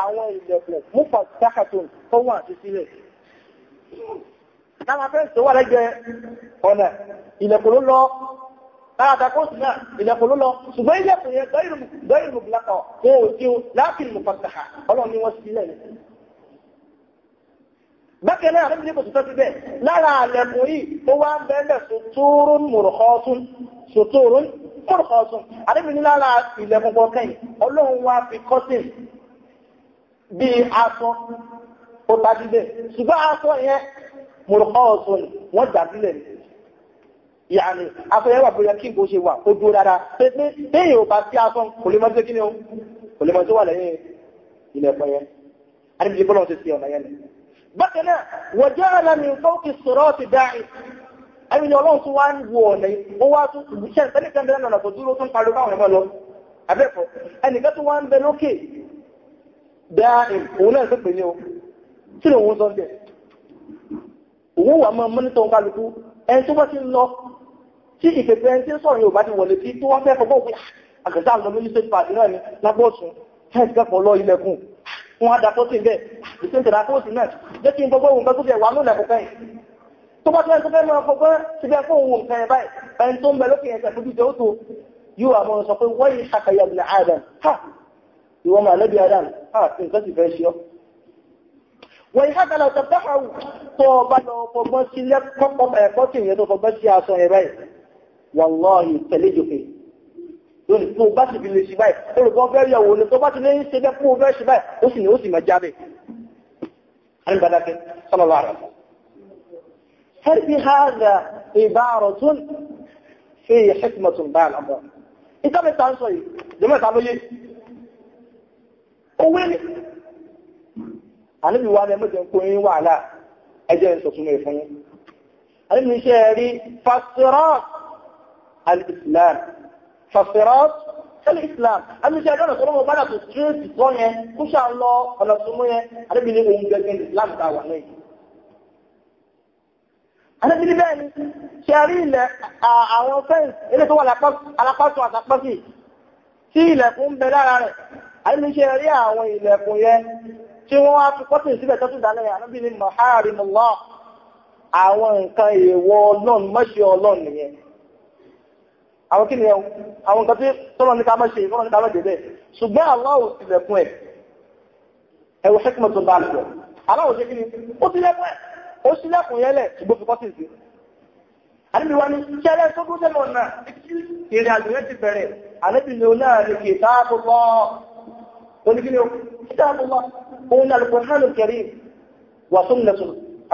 àwọn ilẹ̀kùn múfà dákàtún tó wà àti sílẹ̀. Láwọn afẹ́sì tó wà lẹ́gbẹ̀ẹ́ ọ̀nà ilẹ̀kùn ló lọ, láàdá kóòtù náà ilẹ̀kùn ló lọ, ṣùgbọ́n ilẹ̀kùn yẹn gọ́ìrù bùlákọ̀ wọn ò dín láàfin múfà dákà ọlọ́run ni wọ́n sílẹ̀ ni. Bákan náà, àrẹ́bí ní kò tuntun ti bẹ́ẹ̀, lára àlẹ̀kùn ọlọ́run wá fi kọ́sìn bí aṣọ ó tajílẹ̀ ṣùgbọ́n aṣọ yẹn mọ̀rọ̀kọ́ ọ̀ṣọ́ wọ́n jàbílẹ̀ yàní aṣọ yẹn wà bóyá kí n kò ṣe wà ó dúró dáadáa pé pé téèyàn ò bá sí aṣọ kò lè mọ́tò kí ni o kò lè mọ́tò wà lẹ́yìn ilẹ̀ ẹ̀kọ́ yẹn adébíyí bọ́lá ti ṣe ọ̀nà yẹn ni. bákan náà wọ́jọ́ alámi nǹkan tó wá ń bẹ lókè dáìm òun náà sẹ́pẹ̀ ní o tí ló wọ́n sọ́jẹ̀ òun wà máa mọ́nítọ̀ kálukú ẹni tó bá ti lọ tí ìpèpè ẹni tí ń sọ̀rọ̀ yóò bá ti wọlé tí tó wá fẹ́ fọgbọ́ òfin àgbẹ̀dá lọ mínísítì pàtì náà ní lágbóòsùn hẹ́ẹ̀sì lọ ilẹ̀kùn wọ́n àti ah, nǹkan sì fẹ́ ṣe ọ́ wọ́n yìí hàtàlà ọ̀tọ̀tọ̀ àwù tó ọba lọ fọgbọ́n sí lẹ́kọ́pọ̀ ẹ̀kọ́ tí ìyẹn tó fọgbọ́n sí aṣọ ẹ̀rọ ẹ̀ wàláhì tẹ̀lé jòkè lónìí tó bá sì fi lè ṣe báyìí olùkọ́ fẹ́ yẹ̀wò ni tó bá ti lè ń ṣe bẹ́ẹ̀ fún òun fẹ́ ṣe báyìí ó owó ní àníbi wà ní ẹmọ́jẹ̀ kó yín wàhálà ẹjẹ́ ìṣọ̀tún rẹ̀ fún yín àníbi iṣẹ́ rí fasirat al-islam fasirat al-islam àníbi iṣẹ́ ẹjọ́ ìṣọ̀tún rẹ̀ bádà tó tírèsì bẹ́ẹ̀ ni ṣe rí ilẹ̀ àwọn fẹ́ǹsì ilé tó wà alápásùn àtàpásì tí ilẹ̀kùn ń bẹ lára rẹ̀ àìníṣẹ́ rí àwọn ilẹ̀kùn yẹn tí wọ́n wá fi kọ́tìn síbẹ̀ tó tún dálẹ̀ ànábì ní maharimullah àwọn nǹkan èèwọ̀ ọlọ́run mọ́ṣẹ́ ọlọ́run nìyẹn àwọn kí ni ẹ̀ àwọn nǹkan tí tọ́lọ́ ní ká mọ́ṣe tọ́lọ́ ní ká mọ́ṣe bẹ́ẹ̀ ṣùgbọ́n Allah ò tilẹ̀kùn ẹ̀ ẹ̀wọ̀ ṣẹ́kùnmọ́ tó bá lọ Allah ò ṣe kí ni ó tilẹ̀kùn ẹ̀ ó sílẹ̀kùn yẹn náà ìrìn àjò yẹn ti bẹ̀rẹ̀ àdébí ni ó náà ní kìtàbù lọ́ọ́ oníkíní o kitaabullah òun ni al-Qur'an al-Karim wà sunnatu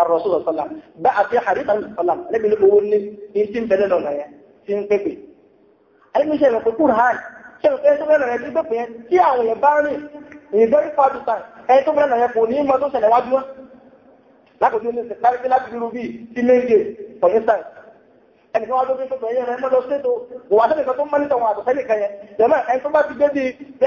ar-Rasul sallallahu bá àti àríkà sallam níbi ní owó ní ìsìn bẹ̀rẹ̀ lọ́nà yẹn tí ń pépè alẹ́gbẹ̀ṣẹ́ ìrọ̀pẹ̀ Qur'an ṣe ìfẹ́ tó bẹ̀rẹ̀ rẹ̀ tí pépè yẹn tí àwọn yẹn bá rìn in very far distance ẹni tó bẹ̀rẹ̀ yẹn kò ní mọ́ tó ṣẹlẹ̀ wájú wọn lákòókò ní ìsìnkú láti dúró bíi ti méje for instance ẹnìkan wá lórí pẹ̀lú ẹ̀yẹ rẹ̀ mọ́ lọ sí ètò wà sẹ́nìkan tó mọ́ nítorí àwọn àtọ̀sẹ́nìkan yẹn yẹn náà ẹni tó bá ti dé bíi bí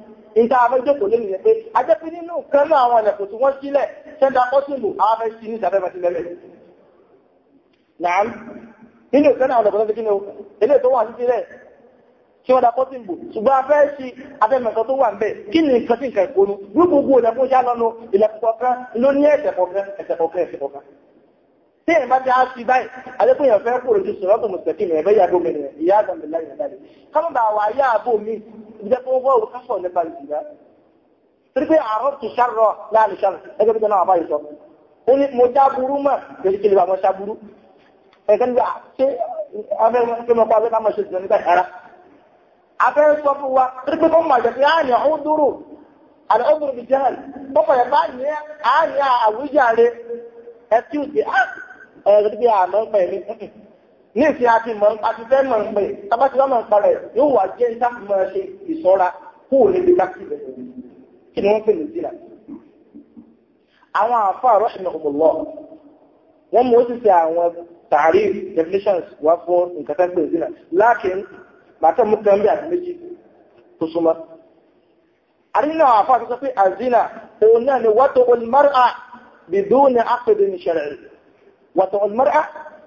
ìta afẹ́jọ́kò lè nìyẹn pé ajẹ́pẹ́ nínú kan àwọn ẹ̀lẹ̀kùn tí wọ́n sílẹ̀ ṣẹ́dá pọ́sìlù afẹ́ ní ìsàfẹ́ mẹ́tí lẹ́lẹ̀ nàám tí wọ́n da ṣùgbọ́n afẹ́ sí afẹ́mẹ̀kan tó wà ń bẹ̀ kí ni nǹkan sí nǹkan ìkónú gbogbo ilẹ̀kùn yá lọ́nu ilẹ̀kùn ló ní ẹ̀ṣẹ̀ kọ̀ọ̀kan jẹ́ kó wọ́ òun kásọ̀ nípa ìsìnká torí pé àárọ̀ ti ṣàrọ̀ láàrin ṣàrọ̀ ẹgbẹ́ bíjọ náà àbáyé sọ ó ní mo já burú mọ̀ lórí kí lè bá mọ́ ṣá burú ẹ̀kẹ́ nígbà ṣé afẹ́mọ́pá abẹ́ ká mọ̀ ṣe ìdùnnú nígbà rárá afẹ́ sọ fún wa torí pé kó mọ̀ àjọ pé àní ọ̀hún dúró àní ọ̀hún dúró bí jẹ́ hàn bọ́pọ̀ yẹn bá ní àní àwùjáre ẹ̀ tí ò ah! ní ìsìn àti mọ̀ àti fẹ́ mọ̀ pé tabati wọn mọ̀ parẹ̀ yóò wà jẹ́ láti máa ṣe ìṣọ́ra kó o lè bí káàkiri rẹ̀ kí ni wọ́n pè ní sílà. àwọn àfáà rọ́ṣìnà ọ̀pọ̀lọ́ wọ́n mú ó sì ṣe àwọn tààrí definitions wá fún nǹkan tá gbé sọ pé àzínà òun náà ni wàtò olùmọ́ra bìdúnì àpèdè ní ṣẹlẹ̀ wàtò olùmọ́ra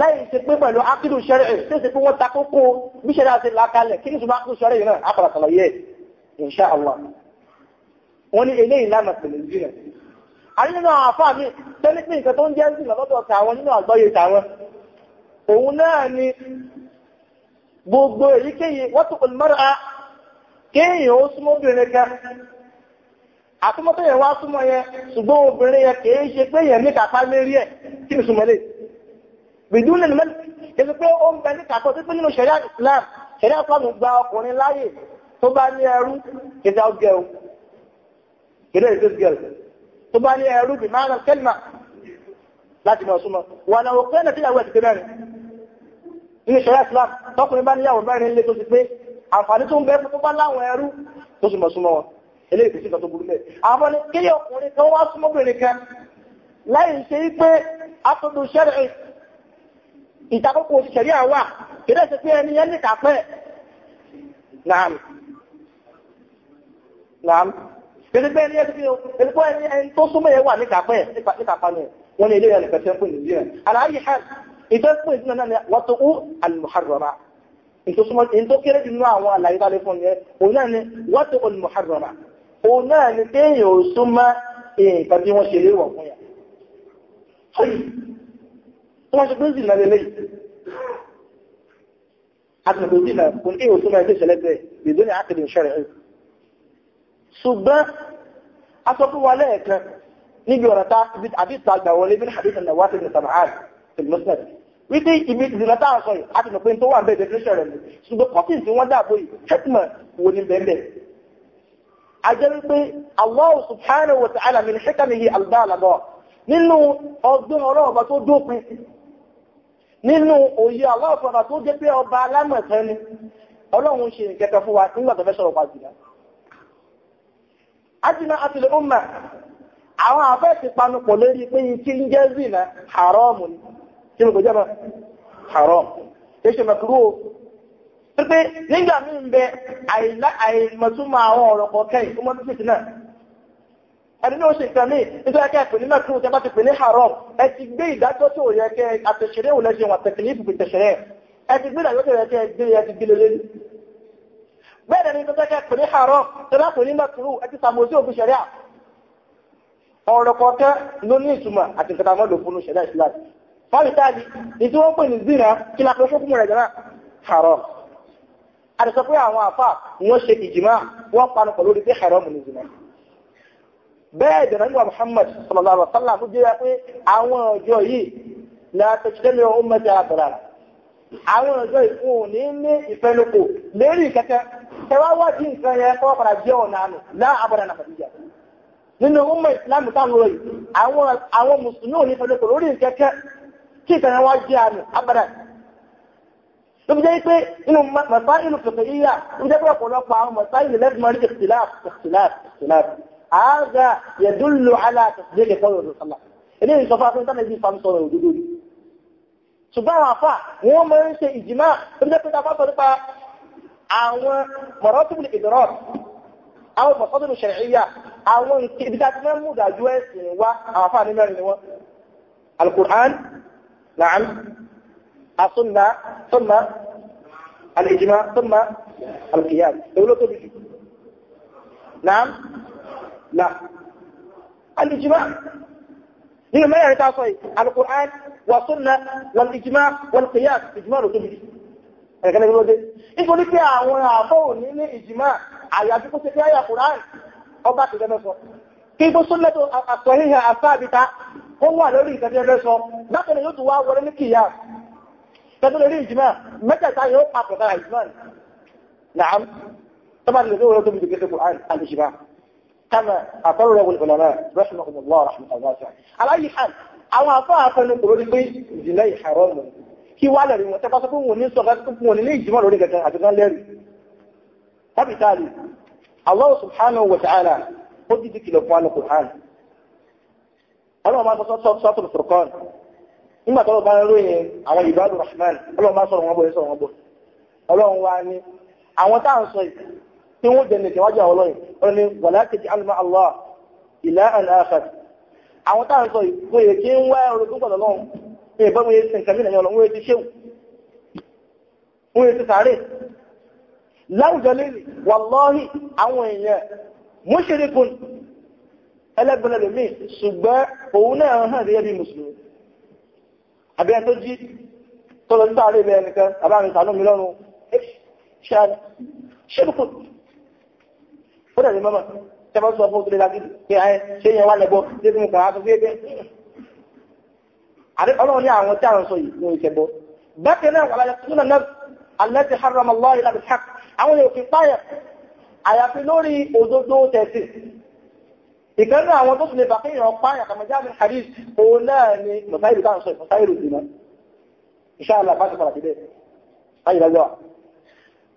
láì ṣe pé pẹ̀lú akílù ṣẹ́rẹ̀ tí ó ṣe pé wọ́n takókó bí ṣẹ́rẹ̀ àti làkálẹ̀ kí ní ṣùgbọ́n akílù ṣẹ́rẹ̀ yìí náà àpàrà sàlàyé insha Allah wọ́n ní eléyìí lánà pẹ̀lú jìnà àyínú àwọn àfáà mi tẹ́lẹ̀ pé nǹkan tó ń jẹ́ jìnà lọ́dọ̀ tàwọn nínú àgbọ́yé tàwọn òun náà ni gbogbo èyíkéyìí wọ́n bìdún lè mẹ́lì jẹ́ pé ó ń bẹ ní kàkọ́ sí pé nínú ṣẹ̀ríà Islam ṣẹ̀ríà Islam gba ọkùnrin láyè tó bá ní ẹrú kìtà ọgẹ̀rù kìtà ìgbésgẹ̀rù tó bá ní ẹrú bí máa rán kẹ́lìmà láti mọ̀ súnmọ́ wà náà òkú ẹ̀nà tíyàwó ẹ̀sìn mẹ́rin nínú ṣẹ̀ríà Islam tọkùnrin bá níyàwó mẹ́rin lé tó ti pé àǹfààní tó ń bẹ fún tó bá láwọn ẹrú tó sì mọ̀ súnmọ́ wọn eléyìí kò sí ìkan tó burú mẹ́ àwọn ni kí ọkùnrin kan wá súnmọ́bìnrin kan láì ṣe pé atọ́dún ṣẹ́rẹ̀ ìtakókò òṣìṣẹ́rí àwà kìrẹ́ sí pé ẹni yẹn ní kàpẹ́ naam naam kìrẹ́ pé ẹni yẹn ti fi ẹni tó súnmọ́ yẹn wà ní kàpẹ́ ni wọ́n ní ilé yẹn lẹ́pẹ̀ẹ́ fún ìlú yẹn aláyé hàn ìtọ́ fún ìdúnà náà ni wọ́n tó kú almuharrama òun náà ni wọ́n tó kú almuharrama òun náà ni téèyàn ò súnmọ́ nǹkan bí wọ́n ṣe léwọ̀ fún yẹn واش بنزل هذا لي حتى بنزل كل ايه وسمع ليش لا بدون عقد شرعي سبا أصبوا عليك نيجي ورا تاع بيت عبيد تاع دولي من حديث النواس بن سمعان في المسند wípé ibi ìdìlá táwọn sọ yìí láti mọ̀ pé tó wà bẹ́ẹ̀ definition rẹ̀ ni ṣùgbọ́n kọ́tìn tí wọ́n dáàbò yìí hekima wo ni bẹ́ẹ̀ a jẹ́ wípé Allah subhanahu wa ta'ala min hekamihi albalagọ nínú ọgbọ́n ọlọ́ọ̀bá tó dópin nínú òye aláàfọ́nà tó jẹ́ pé ọba alámọ̀tán ni ọlọ́run ṣe ìkẹta fún wa nígbà tó fẹ́ sọ̀rọ̀ pa jìnà àtìlẹ̀ ọmọ àwọn àfẹ́ ti panupọ̀ lórí pé tí ń jẹ́ zina haram ni na haram ẹni náà ṣe nǹkan ní nítorí ẹkẹ pè ní mẹkúrú tẹ bá ti pè ní haram ẹ ti gbé ìdájọ́ tí ò yẹ kẹ àtẹ̀ṣẹ̀rẹ́ ò lẹ́ṣẹ̀ wọn tẹ̀kìlì ìbùkù tẹ̀ṣẹ̀rẹ́ ẹ ti gbé ìdájọ́ tí ò yẹ kẹ gbé ẹ ti gbé lélẹ́ ní. bẹ́ẹ̀ ni nítorí ẹkẹ pè ní haram tẹ bá pè ní mẹkúrú ẹ ti sàmùsí òfin ṣẹ̀ríà. ọ̀rọ̀ kọ̀ọ̀kẹ́ ló ní ìtumọ̀ àti nǹkan táwọn lò fún ṣẹ̀ríà Islam. fáwọn ìtaàdì ní tí wọ́n pè ní zina kí la fẹ́ fún rẹ̀ jẹ́nà haram. àti sọ pé àwọn àfà wọ́n ṣe ìjìmá wọ́n panupọ̀ lórí pé haram ni zina bẹ́ẹ̀ dẹ̀nàgbà Muhammad sallallahu alaihi wasallam fún jẹ́ pé àwọn ọjọ́ yìí látọ̀ṣẹ́lẹ̀ ọmọdé àbẹ̀rẹ̀ àwọn ọjọ́ ìfún ní ní ìfẹ́lúkò lérí kẹta tẹwàwàdí nǹkan yẹn kọ́ padà jẹ́ ọ̀nà àmì láàbọ̀dà nàfàdíjà nínú ọmọ ìsìlámù táwọn rẹ̀ àwọn mùsùlùmí ò ní ìfẹ́lúkò lórí kẹkẹ kí ìtàn wá jẹ́ àmì àbẹ̀rẹ̀ ló fi jẹ́ pé inú mọ̀sáìlù kẹfẹ́ yíyà ló jẹ́ pé ọ̀pọ̀lọpọ̀ àwọn mọ̀sáìlù lẹ́gbẹ̀mọ́rí هذا يدل على تصديق قول الرسول صلى الله عليه وسلم eléyìí sọ fún akẹ́kọ̀ọ́ tánà ìbí ìfàmì sọ̀rọ̀ òdodo rí ṣùgbọ́n àwọn àfà wọ́n mọ̀ ń ṣe ìjìmá tó jẹ́ pé ta fásọ̀ nípa àwọn mọ̀rọ́tìbìlì ìdọ̀rọ̀ àwọn mọ̀sọ́dún ṣẹ̀ríyà àwọn ìdíjà tí wọ́n mú dájú ẹ̀sìn wa àwọn àfà ní mẹ́rin ni wọ́n alukur'an na'am asunna sunna alijima sunna alukiyam ewu ló tóbi jù na'am لا الإجماع هي ما يعني تعصي القرآن والسنة والإجماع والقياس إجماع وتبدي ẹ̀kẹ́ lẹ́gbẹ́ lóde nítorí pé àwọn àbọ̀ ní ní ìjìmá àyàbí kó ṣe pé àyà Kùránì ọba ti dẹ́mẹ́ sọ kí bó sún lẹ́tọ̀ àsọ̀híhà àsáàbíta ó wà lórí ìtẹ́jẹ́ sọ látọ̀lẹ̀ yóò tún wá wọlé ní kìyà tẹ́tọ́ lórí ìjìmá mẹ́tẹ̀ẹ̀ta كما أطلب العلماء رحمه الله رحمه الله تعالى على أي حال àwọn afáà fẹ́nu kò lórí pé ìdílé ìhàrọ́mù kí wá lẹ́rí wọn tẹ́pá sọ́kún wọn ní sọ́gá sọ́kún wọn ní ìjímọ̀ lórí gẹ̀gẹ̀ àjọgán lẹ́rí tàbí tààlì Allah subhanahu wa ta'ala ó dìdí kìlọ̀ fún alùkù hàn ọlọ́run máa sọ sọ́tún furqan nígbà tọ́lọ́ bá ń ròyìn àwọn ìbádùn rahman ọlọ́run máa sọ̀rọ̀ wọn sọ tí wọ́n jẹ́ nìkan wájú àwọn ọlọ́yìn wọ́n ni wà láti jẹ́ alùmọ́ allah ilá and afẹ́ àwọn táà ń sọ ìwé yẹ kí ń wá orogún pẹ̀lú ọlọ́run ní ìbọn mi sin kàmí nàìjíríà ọlọ́run wọ́n ti ṣéwù wọ́n ti sáré láwùjọ lélẹ̀ wàlọ́ọ̀hì mi sànú mi lọ́rùn ṣe ó dẹ̀ ní mọ́mọ́ tẹ́fọ́ sọ fún òtúlé láti ṣe yẹn wá lẹ́gbọ́ tí ó kàn á sọ fún ẹgbẹ́ ọlọ́run ní àwọn tí àwọn sọ yìí ní ìṣẹ̀bọ bákan náà wà láyé súnà náà alẹ́tì haram allah ilá bí hak àwọn yóò fi páyà àyàfi lórí òdodo tẹ̀sí ìkan náà àwọn tó sì lè bà kí èèyàn páyà kàmájá mi hadith òun náà ni mọ̀sáìlú táwọn sọ mọ̀sáìlú dì náà ìṣáàlà bá ti padà sí bẹ́ẹ̀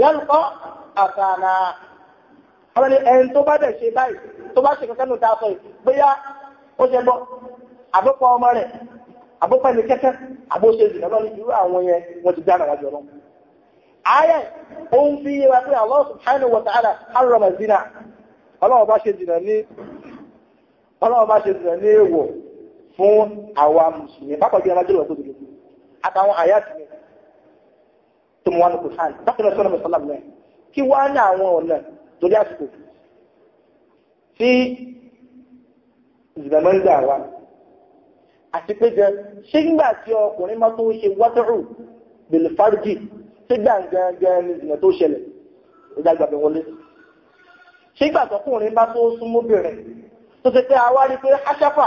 wọ́n kọ́ àtàrà àwọn ni ẹni tó bá dẹ̀ ṣe báyìí tó bá ṣe kẹ́kẹ́ ló ta sọ yìí bóyá ó ṣe gbọ́ àbúkọ ọmọ rẹ̀ àbúkọ ẹni kẹ́kẹ́ àbóṣe ìrìnà lọ́nà irú àwọn yẹn wọ́n ti dára wájú ọlọ́run ayẹ ó ń fi yé wa Allah subhanahu wa ta'ala harrama zina ọlọ́run bá ṣe jìnà ní ọlọ́run bá ṣe jìnà ní èèwọ̀ fún àwa mùsùlùmí pápá jẹ́ ọlọ́jọ́ ìwà tó dùn àtàwọn àyà tìmẹ̀ tó mú wá ní kùsàn dákìlẹ̀ sọ́nà mùsùlùmá lẹ́yìn kí wá ní àwọn ọ̀nà torí àsìkò tí ìgbàmọ́ ń gbà wá àti pé jẹ ṣé nígbà tí ọkùnrin máa tó ṣe wátọ́rù bèlè fárújì ṣé gbàǹgàǹgàn ní ìgbà tó ṣẹlẹ̀ ìgbà gbàgbẹ́ wọlé ṣé ìgbà tọkùnrin bá tó súnmọ́bìnrin tó ti pé àwa pé aṣáfà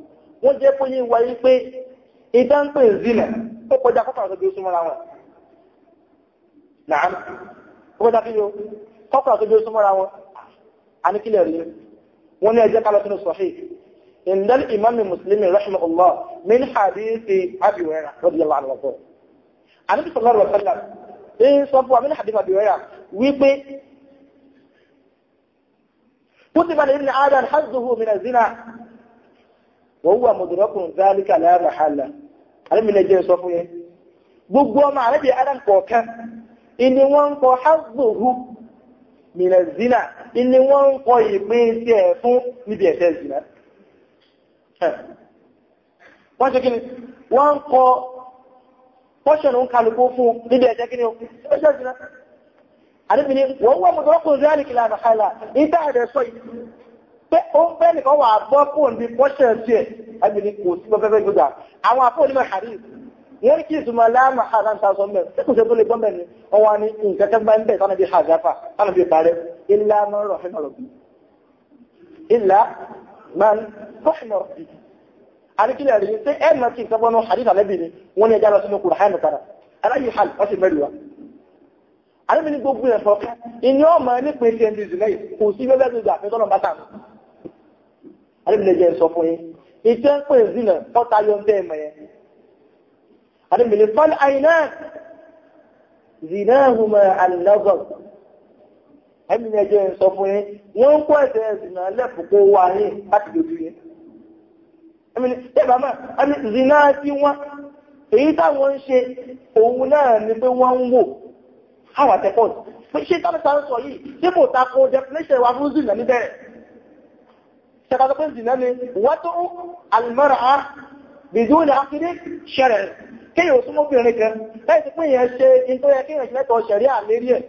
wọ́n jẹ́ pé yíwa yí pé ìdánpẹ̀ ìzìnà ó kọjá kọ́kà tó bí ó súnmọ́ra ó kọjá kí ló ó súnmọ́ra wọn a ní kílẹ̀ rí wọ́n ní ẹjẹ́ kálọ̀ sínú sọ̀hí indal imami muslimi rahimahullah min hadithi abi hurairah radiyallahu anhu wato anabi sallallahu sọ fún wa wípé zina wọ́n wà mọ̀dúnrọ́kùn záàlíkà láàrá hàlà alẹ́mìnà sọ fún yẹn gbogbo ọmọ àrẹ́bì adam wọ́n ń kọ mina zina ìní wọ́n ń kọ ìpín sí ẹ̀ fún níbi ẹ̀fẹ́ zina wọ́n ṣe kíni wọ́n ń kọ pọ́ṣọ̀nù ń kálukú fún níbi ẹ̀fẹ́ kíni zina wọ́n wà pé ó ń fẹ́ nìkan wà gbọ́ kó ní pọ́ṣẹ̀ sí ẹ̀ kò sí gbọ́gbẹ́gbẹ́ gbọ́gbà àwọn àpò onímọ̀ àrí wọ́n kí ìtumọ̀ láàmà ta sọ mẹ́rin tí kò ṣe tó lè ni wọ́n wá ní nǹkan tó bá ń bẹ̀ tánàbí àjáfà tánàbí parẹ́ ilá bí ilá bí ẹ kí ni ẹja lọ sínú hàn aláyé wa gbogbo ẹ̀fọ́ di adébìlẹ̀jẹ́ sọ fún yín ìtẹ́ ń pè zina ọ̀tá yọ ń tẹ́ẹ̀mọ̀ yẹn adébìlẹ̀ fal àyìnà zina huma alẹ́gbọ̀n adébìlẹ̀jẹ́ sọ fún yín wọ́n ń kó ẹ̀sẹ̀ zina lẹ́fùkó wà yín láti dojú yín ẹ̀bà máa àmì zina tí wọ́n èyí táwọn ń ṣe òun náà ni pé wọ́n ń wò àwọn àtẹ́kọ̀ọ́ ṣé tábìtà ń sọ yìí dípò takò definition wa fún zina níbẹ̀rẹ̀ tẹ́kọ̀ọ́ pé zìnà ni wọ́tò almara bìdún ní akídé ṣẹ̀rẹ̀ kéyàn ó súnmọ́ obìnrin kan láì sí pé yẹn ṣe in tó yẹ kéyàn ṣẹlẹ́tọ̀ ṣẹ̀rí àlérí ẹ̀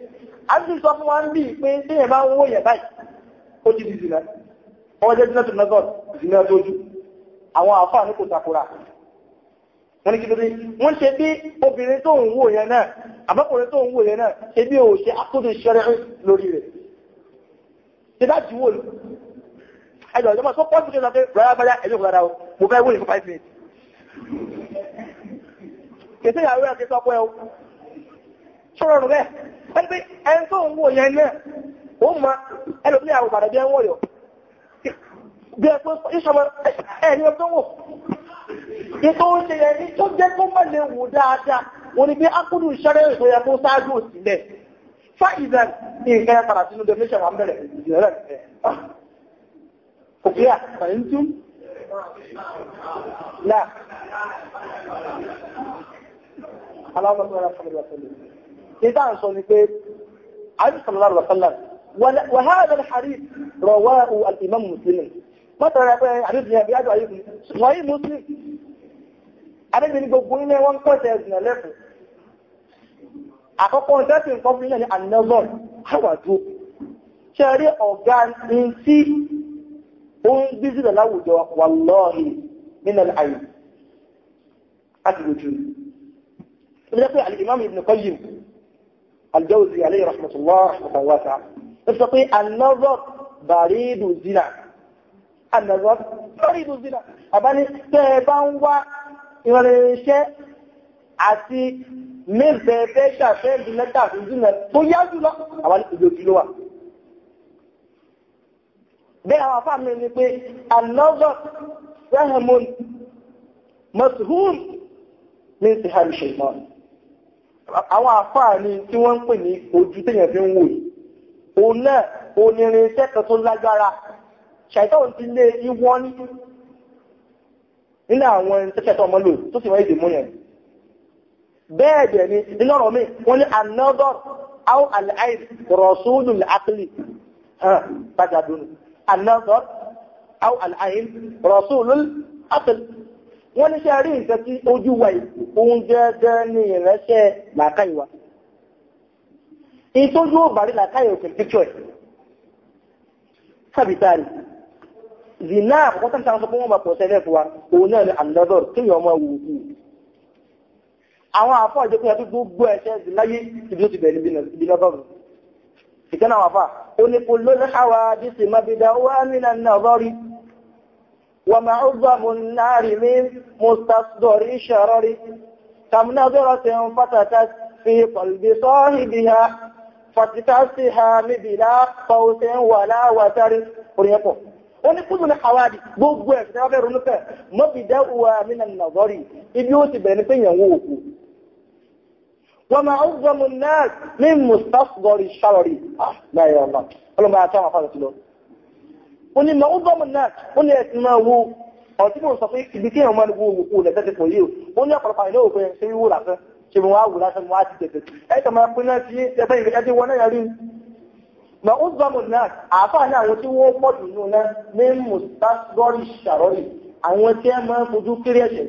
a ti sọ fún wa ń bí pé téèyàn bá ń wó yẹ̀ báyìí ó ti di zìnà wọ́n jẹ́ zìnà tó nọ́gọ́ zìnà tójú àwọn àfáà ní kò takora wọ́n ní kí lóde wọ́n ṣe bí obìnrin tó ń wò yẹn náà àbákùnrin tó ń wò yẹn náà ṣe bí òṣè akóso ṣẹ̀rẹ̀ lórí rẹ̀ ẹjọ́ ìjọba tó pọ́sù kí n sọ pé rárá bájá ẹjọ́ ìkọ̀lára o mo fẹ́ wúlò fún five minutes kèsè ìyàwó ẹ̀ kí sọ pé o ṣọ́rọ̀ rẹ̀ bẹ́ẹ̀ wọ́n pé ẹni tó ń wò yẹn náà ó mọ ẹlòmí àwọn ìbàdàn bí ẹ ń wò yọ bí ẹ pé ìṣọmọ ẹ ní ọdún wò ìtò oúnjẹ yẹn ní tó jẹ́ tó mọ̀ wò dáadáa wọ́n ni bí akúrú ìṣẹ́rẹ́ ìṣó yẹ kó ṣáájú òsì bẹ́ẹ̀ fáìdà ní ìkẹyà padà sínú definition wa ń bẹ̀rẹ̀ ìjìnlẹ̀ Kukiya, fahimtum? La. Aláwọ̀ tó rà sọ́lọ́lá sọ́lọ́lá. Ìdá ń sọ ni pé, Àìsí sọ́lọ́lá sọ́lọ́lá. وهذا الحديث رواه الإمام مسلم مثلا حديث النبي أجل عليكم صحيح مسلم àdébí ní gbogbo ilé wọn pẹ̀sẹ̀ ẹ̀sìn ẹlẹ́fùn àkọ́kọ́ ìtẹ́sì nǹkan fún ilẹ̀ ní anẹ́lọ́n àwàdó ṣe rí ọ̀gá ní tí ó ń bí sílẹ̀ láwùjọ wàlọ́ọ̀hì nínú àyè láti lójú ilé pé al-Imam Ibn Qayyim al-Jawzi alayhi rahmatullah rahmatan wasa ó sọ pé anọ́rọ̀ bàrídù zina anọ́rọ̀ bàrídù zina àbáni tẹ́ ẹ bá ń wá ìrìnṣẹ́ àti mẹ́fẹ̀ẹ́fẹ́ ṣàfẹ́ ìdílẹ́ta àti ìdílẹ́ tó yá jùlọ àwọn ìdòkìlówà bẹ́ẹ̀ àwọn afá mi ni pé another sehmun mashum ní ti hàrí ṣèmọ́n àwọn afá ni tí wọ́n ń pè ní ojú téèyàn fi ń wò yìí òun náà onírin iṣẹ́ kan tó lágbára ṣàìtọ́ ti lé ìwọ́n nínú àwọn tẹ́tẹ́tọ́ ọmọ lò tó sì wọ́n èdè mú yẹn bẹ́ẹ̀ dẹ̀ ni nínú ọ̀rọ̀ mi wọ́n ní another out al-aid rọ̀ṣúlù al-aqli hàn bájá النظر أو العين رسول العقل wọ́n ní ṣe rí nǹkan tí ojú wa òun jẹ́jẹ́ ní ìrẹ́ṣẹ́ làákàyè wa ìtójú ò bàrí làákàyè òkèlè píkṣọ̀ ẹ̀ sábìtárì zina àkọ́kọ́ tàbí sáwọn sọpọ̀ wọn bá pọ̀ sẹ́lẹ̀ fún wa òun náà ni àndọ́dọ̀rọ̀ kí yọ ọmọ ìkẹ́nà wà fà ó ní kò ló lẹ́hàwà dísì mọ́bídà wà nínà náà lọ́rí wà máa ó gbà mú náàrí mi mustasdori ṣàrọ́rí kàmúnà zọ́rọ̀ tẹ̀ ń fàtàtà fi pọ̀lùbí sọ́ọ́hì bí ha fàtìtàsí ha níbi láàpọ̀ọ́sẹ̀ wà láwàtárí oríyẹ́pọ̀ ó ní kúrò ní àwádìí gbogbo ẹ̀ wọ́n máa ń gbọ́mù náà ní mustafgori shawari láyé ọ̀nà ọlọ́mọ àtàwọn afọ́ àti lọ. ó ní máa ń ọ̀tí mò sọ pé ibi tí èèyàn máa wo òkú rẹ̀ pọ̀ yìí ó ní ọ̀pọ̀lọpọ̀ àìní òkú yẹn ṣe lásán ṣe mo wá wò lásán wá ti tẹ̀tẹ̀ ẹ̀tọ́ máa pín náà sí ẹgbẹ́ ìrẹ́ ẹdín wọn náà rí mà ó gbọ́mù náà àáfàá ní àwọn tí wọ́n pọ̀ jù nù náà ní mustafgori shawari àwọn tí wọ́n máa fojú kéré ẹ̀ṣẹ̀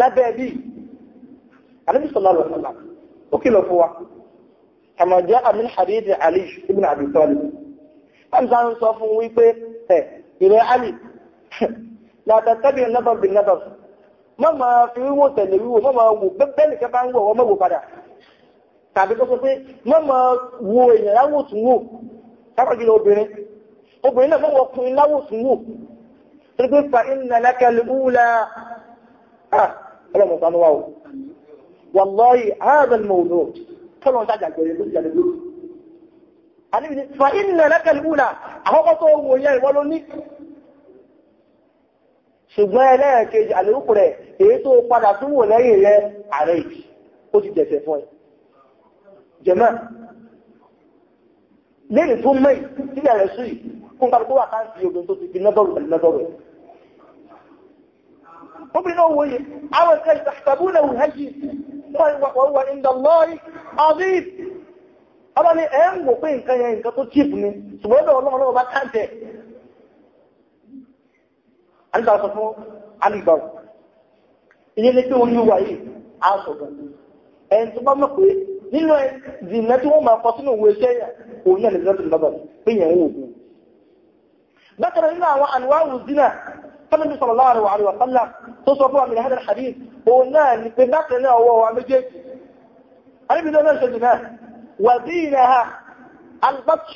lábẹ́ bí Ànábì sallallahu alaihi wasallam ó kìlọ̀ fún wa kama jaa min hadith Ali ibn Abi Talib ẹnìkan ń sọ fún wípé ẹ ìrẹ Ali látàtàbí nabọ bí nabọ má máa fi wíwò tẹ̀lé wíwò má máa wò bẹ́ẹ̀ nìkan bá ń wọ̀ wọ́n má wò padà tàbí tó sọ pé má máa wo èèyàn láwò tún wò ọlọ́mọ sanu wa o wàlọ́yì hàbẹ́l mọ̀ọ́dọ̀ tọ́lọ́ sájà gbẹ̀rẹ̀ ló jà lórí. àníbi ni fa iná lẹ́kẹ̀lú náà àkọ́kọ́ tó wò yẹn ìwọ́n ló ní. ṣùgbọ́n ẹlẹ́ẹ̀kejì àlékún rẹ̀ èyí tó padà tún wò lẹ́yìn rẹ̀ ààrẹ yìí ó ti dẹ̀sẹ̀ fún ẹ. jẹ̀mọ́ lẹ́yìn tó mẹ́yìn sílẹ̀ rẹ̀ sùn yìí kó n kábi tó wà káàkiri obìnrin tó ti di nọ́dọ̀rù pẹ̀lú nọ́dọ̀rù obìnrin náà wòye àwọn ẹ̀kẹ́ ìtàkàbúnà òhẹ́jì wọ́wọ́ ìdàlọ́rí azif ọba ni ẹ̀ ń wò pé nǹkan yẹn nǹkan tó chíìpù ni ṣùgbọ́n ọdọ̀ ọlọ́run ọba káńtẹ̀ alìbàrù sọ fún alìbàrù ilé ní pé wọ́n yíwà yìí á sọ gan ẹ̀ tó bá mọ̀ tọ́lọ́bí sọ̀rọ̀ láàrin wà àríwà sọ́lá tó sọ fún àmì ìhàdà hadith òun náà ni pé bákan náà ọwọ́ wa méjèèjì àríbi náà ṣe jù náà wà bí ilẹ̀ ha albert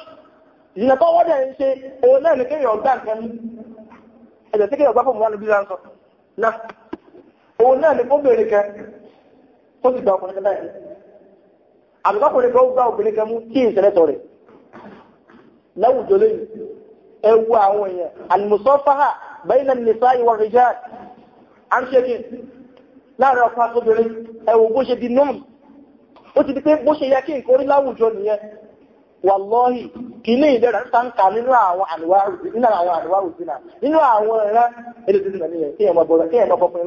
ìyìnà tó wọ́dẹ̀ ń ṣe òun náà ni kéèyàn gbá nǹkan ní ẹ̀jẹ̀ tí kéèyàn gbá fún mọ́nà bí i sọ náà òun náà ni fóbìnrin kan tó ti gba ọkùnrin kan báyìí àbíkọ́kùnrin kan ó gbá obìnrin kan mú kí ìṣẹ̀lẹ̀ tọ̀ rẹ̀ láwùjọ lẹ́yìn ẹ wo àwọn èèyàn àlùmọ̀sọ́fáhà bẹ́yìn náà nìsá ìwọ̀n rìjá à ń ṣe kí láàrin ọ̀pá obìnrin ẹ̀wò bó di norm ó ti di pé bó ṣe yẹ kí nǹkan orí láwùjọ nìyẹn wàlọ́hì kì ní ìlera ń tàǹkà nínú àwọn àríwá òsínà nínú àwọn ẹ̀rẹ́ èdè tuntun nàní yẹn kí ẹ̀mọ̀ bọ̀rọ̀ kí ẹ̀mọ̀ bọ̀pin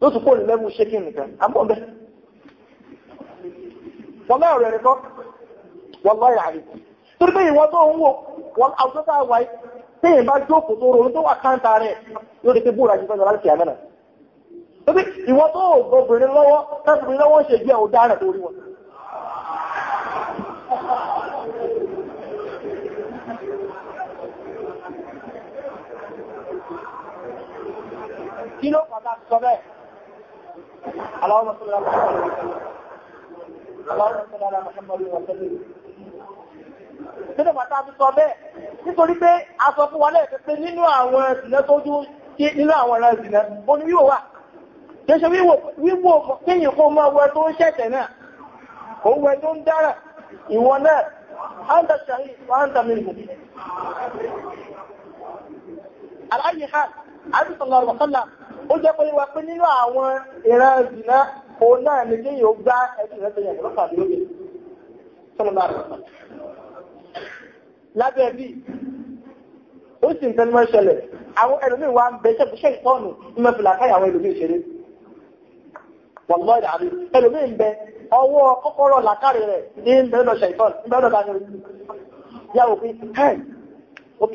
yóò tún kó ní lẹ́mú ṣé kí nìkan àmọ́ bẹ́ẹ̀. wọ́n náà rẹ̀ nìkan wọ́n lọ́ yà rí. torí pé ìwọ́n tó ń wò wọ́n àwùjọ tá a wáyé téèyàn bá jókòó tó ronú tó wà káńtà rẹ̀ yóò rí pé búra jù fẹ́ẹ́ láti àmẹ́nà. torí ìwọ́n tó obìnrin lọ́wọ́ tẹ́sìnrin lọ́wọ́ ṣe gbé ọ̀daràn tó rí wọn. kí ló pàtàkì sọ bẹ́ẹ̀? اللهم صل على محمد وسلم اللهم صل على محمد وسلم nínú bàtà ti sọ bẹ́ẹ̀ nítorí pé a sọ fún wa lẹ́ẹ̀kẹ́kẹ́ nínú àwọn ẹ̀sìnlẹ́ tó jú kí nínú àwọn ẹ̀rọ ìsìnlẹ́ ó ní wíwò wà tí ó ṣe wíwò kíyìn kó mọ́ ọwọ́ tó ń ṣẹ̀tẹ̀ náà kò wẹ́ tó ń dára ìwọ náà áńtà ṣàrí ó jẹ́ pé wá pé nínú àwọn ìran ìdìnnà òun náà ní kí yóò gbá ẹbí rẹ̀ tó yẹ kí lọ́kàdé lóye sọ́nà bá rẹ̀ lábẹ́ bí ó sì ń tẹ́lẹ̀ mọ́ ṣẹlẹ̀ àwọn ẹlòmíín wa ń bẹ ṣẹ́kù ṣe ìtọ́nù nínú fìlà káyà àwọn ẹlòmíín ṣeré wọ́n ìdàrí ẹlòmíín bẹ ọwọ́ kọ́kọ́rọ́ làkàrí rẹ̀ ní ń bẹ lọ ṣe ìtọ́nù ń bẹ lọ bá ṣe yàwó pé ok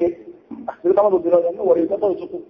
àti ìgbàmọ́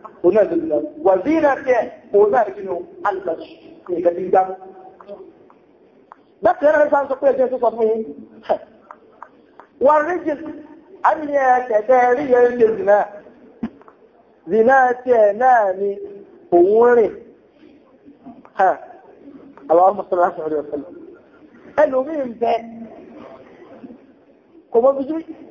هناك وزيرة هناك البش كتبين دم بس أنا مثلا سقيا جنس صفيه والرجل أن يتداري الزنا زنا تنامي هوري ها اللهم صل على محمد وسلم قالوا مين بقى كما بيجي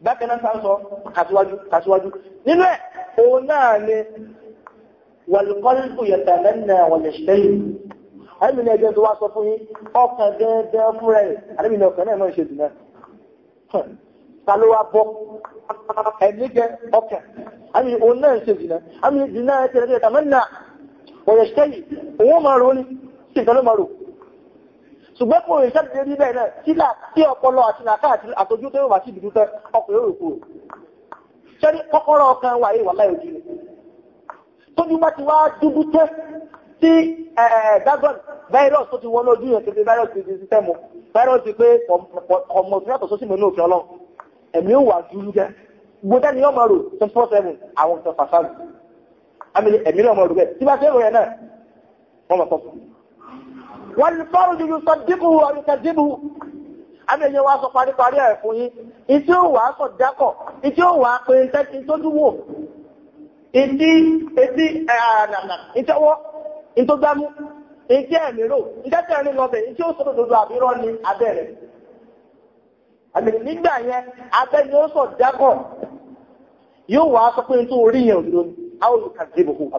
bákan náà sáà sọ kàtíwájú kàtíwájú nínú ẹ̀ òun náà ni wàlùkọ́lùkù yẹ̀tàlẹ́nà wàlẹ̀ṣẹ́yìn àrẹ́mìnà ẹgbẹ́ tó wá sọ fún yín ọkàn gẹ́gẹ́ fún rẹ̀ àrẹ́mìnà ọkàn náà máa ń ṣe dùn ṣùgbọ́n kò rè sẹ́bìdì rí bẹ́ẹ̀ náà tí ọpọlọ àti làkà àti àtọ́jú tó wà sí ìdúdú tẹ ọkùnrin òkú sẹ́ni kọ́kọ́rọ́ ọkàn wà yìí wà láì òjì tóbi ti wá eh, dúdú eh, dagon virus tó ti wọ́n lójú yẹn virus ti di sítẹ́mù virus ti pé ọmọ òfin àtọ̀sọ́ sí mẹ́nu òfin ọlọ́run ẹ̀mí ó wà dúdú jẹ́ gbọ́dá ni ọmọ rò àwọn ẹ̀mí ọmọ rò bẹ́ẹ̀ tí bá wàlúfọ́rùdù yóò sọ̀díkù àríkàdíbù abẹ́yẹ wa sọ paríparí ẹ̀ fún yín ìtí wà sọ jákọ̀ ìtí ó wà á pé ìtẹ́tí tójú etí ẹ̀ẹ́dàdà ìtẹ́wọ́ ìtógbámú ìtí ẹ̀mìíró ìtẹ́tẹ̀ rìn dodo ni yẹn yóò yẹn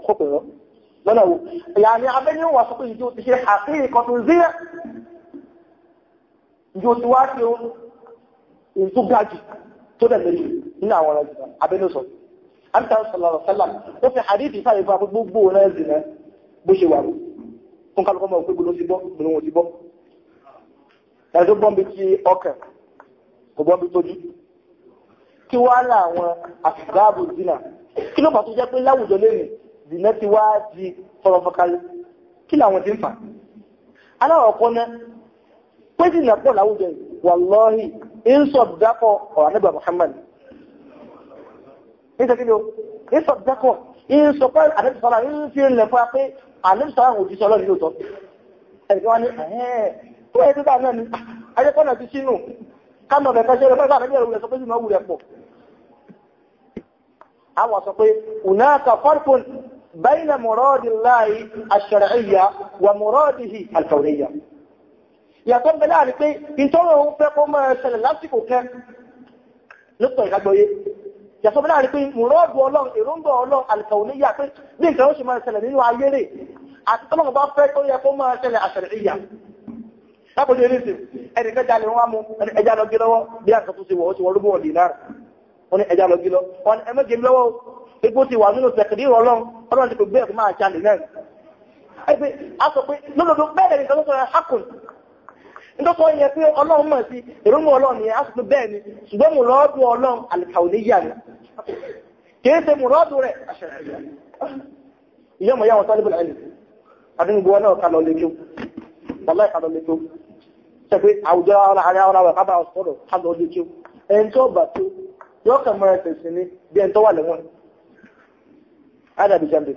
òdodo lọ́nà wo ìyàní abẹ́ni wà sọ pé ìjọ ti ṣe àfihàn kan tó ń zíyà ìjọ ti wá ṣe ohun tó ga jù tó dẹ̀ lórí nínú àwọn ọ̀rọ̀ jùlọ abẹ́ni sọ àbíta sallallahu sallam ó fi àdéhìí sáré fún abúgbó gbó wọn náà zìnà bó ṣe wà fún kálukọ́ mọ̀ pé gbólóhùn ti bọ́ gbólóhùn ti bọ́ ẹ̀rọ tó bọ́m̀bi ti ọkẹ̀ kò bọ́m̀bi tójú zina ti wá di fọlọfọkalẹ̀ kí làwọn ti ń fà aláwọ̀kọ́ náà pé zina pọ̀ láwùjọ wàlọ́hì ń ọ̀rọ̀ nígbà Muhammad nítorí ló ń sọ dákọ̀ ń sọ pé àdébìsọ́lá ń fi ń lẹ̀ ni ajẹ́kọ́nà ti sínú kánà ọ̀rẹ́ kan ṣe rẹ̀ fẹ́ẹ́ bá rẹ̀ sọ pé sì máa wù rẹ̀ pọ̀ àwọn sọ pé ònà kà بين مراد الله الشرعية ومراده الكونية yàtọ̀ ń bẹ láàrin pé ìtọ́rọ̀ òun fẹ́ kó máa ṣẹlẹ̀ lásìkò kẹ́ lópọ̀ ìgbàgbọ́yé yàtọ̀ bẹ láàrin pé mùrọ́ọ̀dù ọlọ́run èròǹgbà ọlọ́run alkauniya pé bí nǹkan ó ṣe máa ṣẹlẹ̀ nínú ayéré àti tọ́lọ́run bá fẹ́ tó yẹ kó máa ṣẹlẹ̀ àṣẹ̀rẹ̀yà lápòjú eréṣì ẹnìkan jalè wọn mú ẹja lọ gí lọ́wọ́ bí àkàtúnṣe wọ̀ ó ti wọ́n rúbọ̀ dínárà wọn ni ẹja lọ gí lọ wọn ni ẹmẹ́gẹ̀ lọ́wọ́ egbó ti wà nínú tẹ̀kìdí ọlọ́run ọlọ́run ti kò gbé ẹ̀kọ́ máa jalè náà ẹgbẹ́ a sọ pé bẹ́ẹ̀ pé ọlọ́run mọ̀ sí ọlọ́run yẹn a sọ pé bẹ́ẹ̀ ni ṣùgbọ́n mo rọ́ọ̀dù ọlọ́run ní n'i kìí ṣe mo rọ́ọ̀dù rẹ̀ ni bí هذا بجنبه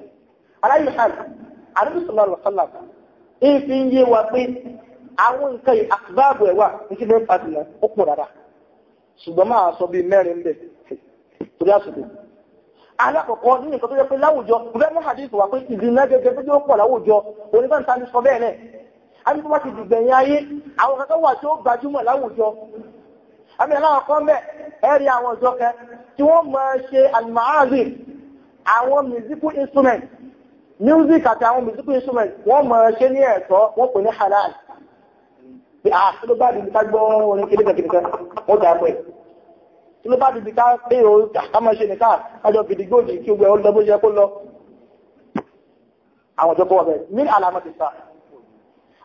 على أي حال النبي صلى الله عليه وسلم إيه في إيه وقيل àwọn nǹkan yìí àkùbáàbò ẹ̀wà ní ti àwọn musical instrument music àti àwọn musical instrument wọ́n mọ̀ ṣe ní ẹ̀tọ́ wọ́n kò ní halal pé à ah, tí ló bá dìbì ká gbọ́ orin kìdìkìdìkan wọ́n dà pẹ̀ tí ló bá dìbì ká pé o kàmọ́ ṣe nìkan àjọ gidigbòjì kí gbẹ olùdó bó ṣe kó lọ àwọn ìjọba wà bẹ́ẹ̀ ní àlàmọ́ ti sá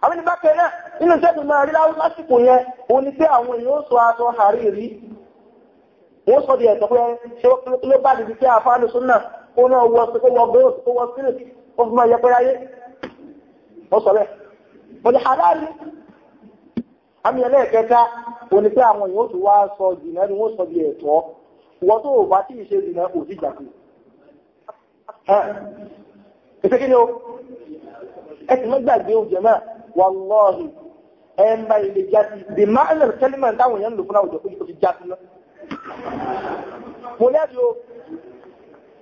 àwọn ìbá kẹrẹ nínú iṣẹ́ tó máa rí lásìkò yẹn o ní pé àwọn èèyàn sọ aṣọ àárí rí wọ́n sọ di ẹ̀tọ́ pé ṣé ló bá dìbì pé àfáàlù súnà ona náà wọ ọsẹ kó wọ góòsì kó wọ sílẹ̀ sọ bẹ́ẹ̀ mo ní aláàrí àmì ẹlẹ́ẹ̀kẹta òní pé àwọn èèyàn tó wá sọ jìnà ni wọ́n sọ di ẹ̀tọ́ wọ́n tó bá tí ì ṣe jìnà kò sí ìjàkú ẹ̀sẹ̀ kí ni ó ẹ̀sìn mẹ́gbàgbé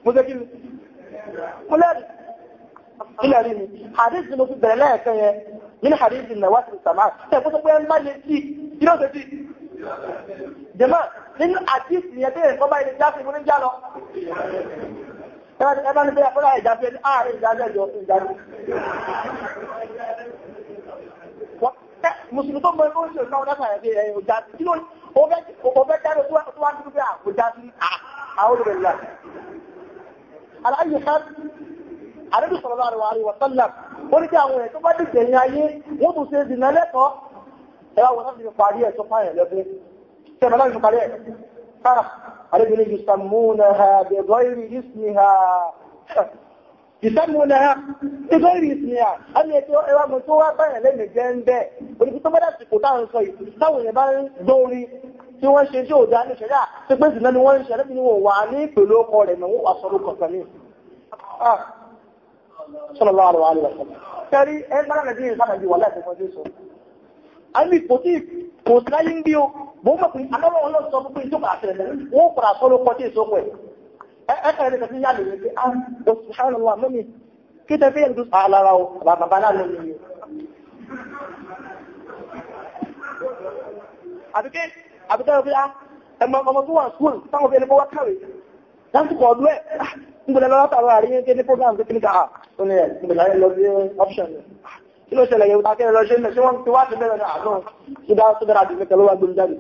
mo jẹ́ kí ni mo lẹ́rìí ilẹ̀ rí mi hadith ni mo fi bẹ̀rẹ̀ lẹ́ẹ̀kan yẹn nínú hadith ni wá sí sàmà ẹ̀ kó tó pé ń bá yẹ sí kí ló ṣe sí jẹ̀mọ́ nínú hadith yẹn bẹ́ẹ̀ kọ́ bá ilé jáfe mo ní já lọ ẹbá ní bẹ́ẹ̀ fọ́lá ìjáfe ní ààrẹ ìjáfe ìjọ ìjáfe mùsùlùmí tó mọ tó wá ní pípẹ́ àkójá sí àwọn olùrẹ̀lẹ̀ aláyè kan àdébí sọ̀rọ̀ láàrin wàhálì wàtọ́lá ó ní kí àwọn ẹ̀ tó bá dé gbẹ̀yìn ayé wọ́n tún ṣe ìdìnnà lẹ́kọ̀ọ́ ẹ wá wọ́n láti fi parí ẹ̀ tó pààyàn lẹ́gbẹ́ ṣe mọ́ láti fi parí ẹ̀ kára àdébí ní yusammunaha bi ghayri ismiha yusammunaha bi ghayri ismiha á ní ètò ẹwà mọ̀ tó wá báyàn lẹ́nu jẹ́ ń bẹ́ẹ̀ oníkú tó bá dà sí kò táwọn sọ yìí táwọn èèyàn bá ń dóorin tí wọ́n ṣe tí ò dá ní ṣẹ̀dá tí pé ìsìnlẹ́ ni wọ́n ń ṣẹ̀dá ni wọ́n wà ní ìpèlú ọkọ rẹ̀ náà wọ́n wà sọ́rọ̀ kọ̀ọ̀kan ní sọ́lọ́lá àrùn àrùn àrùn kẹrí ẹ bára nàìjíríà yìí kò tí kò o bó mọ̀ pé bàbá náà ló ní àbíké àbí táwọn fi á ah, ẹmọ ọmọ school táwọn fi ẹni kọ́ wá kàwé lásìkò ọdún ẹ̀ ah, nígbèlè lọ́wọ́ tàwọn program tó kíníkà á tó ní ah, option kí ló ṣẹlẹ̀ yẹ̀wò takẹ́rẹ́ lọ ṣe ń lẹ̀ sí wọ́n ti wá sí bẹ̀rẹ̀ ní àdán ṣúdá ṣúdá àti ìfẹ́ lọ́wọ́ gbé jáde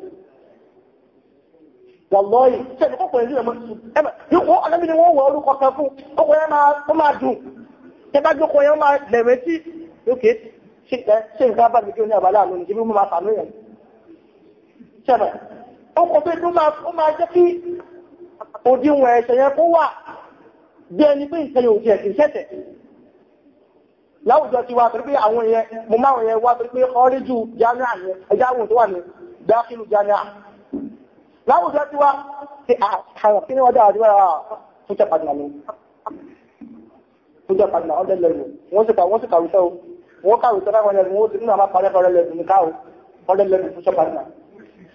wàlọ́yì tẹ̀lé kọ́kọ́ ìlú ẹ̀mọ́ ẹ̀mọ́ yóò ọlọ́mí ni wọ́n wọ orúkọ kan fún ọkọ̀ yẹn máa máa dùn kí ó ní àbálà lónìí kí bí mo máa fà lóyìn ṣẹlẹ̀ ó kọ pé ó máa jẹ́ kí òdiwọ̀n ẹ̀ṣẹ̀ yẹn kó wà bí ẹni pé ìṣẹ́ yóò jẹ́ ìṣẹ́tẹ̀ láwùjọ ti wá pẹ̀lú pé àwọn èèyàn mo máwọn èèyàn wá pẹ̀lú pé ọ́ríjù jami'a yẹn ẹjá àwọn tó wà ní ni wọ́n dára díwára tó jẹ́ padà lọ tó jẹ́ padà ọdẹ lẹ́nu wọ́n sì wọ́n sì kàwé sẹ́wọ́ wọ́n kàwé sẹ́wọ́ wọ́n sì nínú àmà parẹ́ ọdẹ lẹ́nu ní káwọ́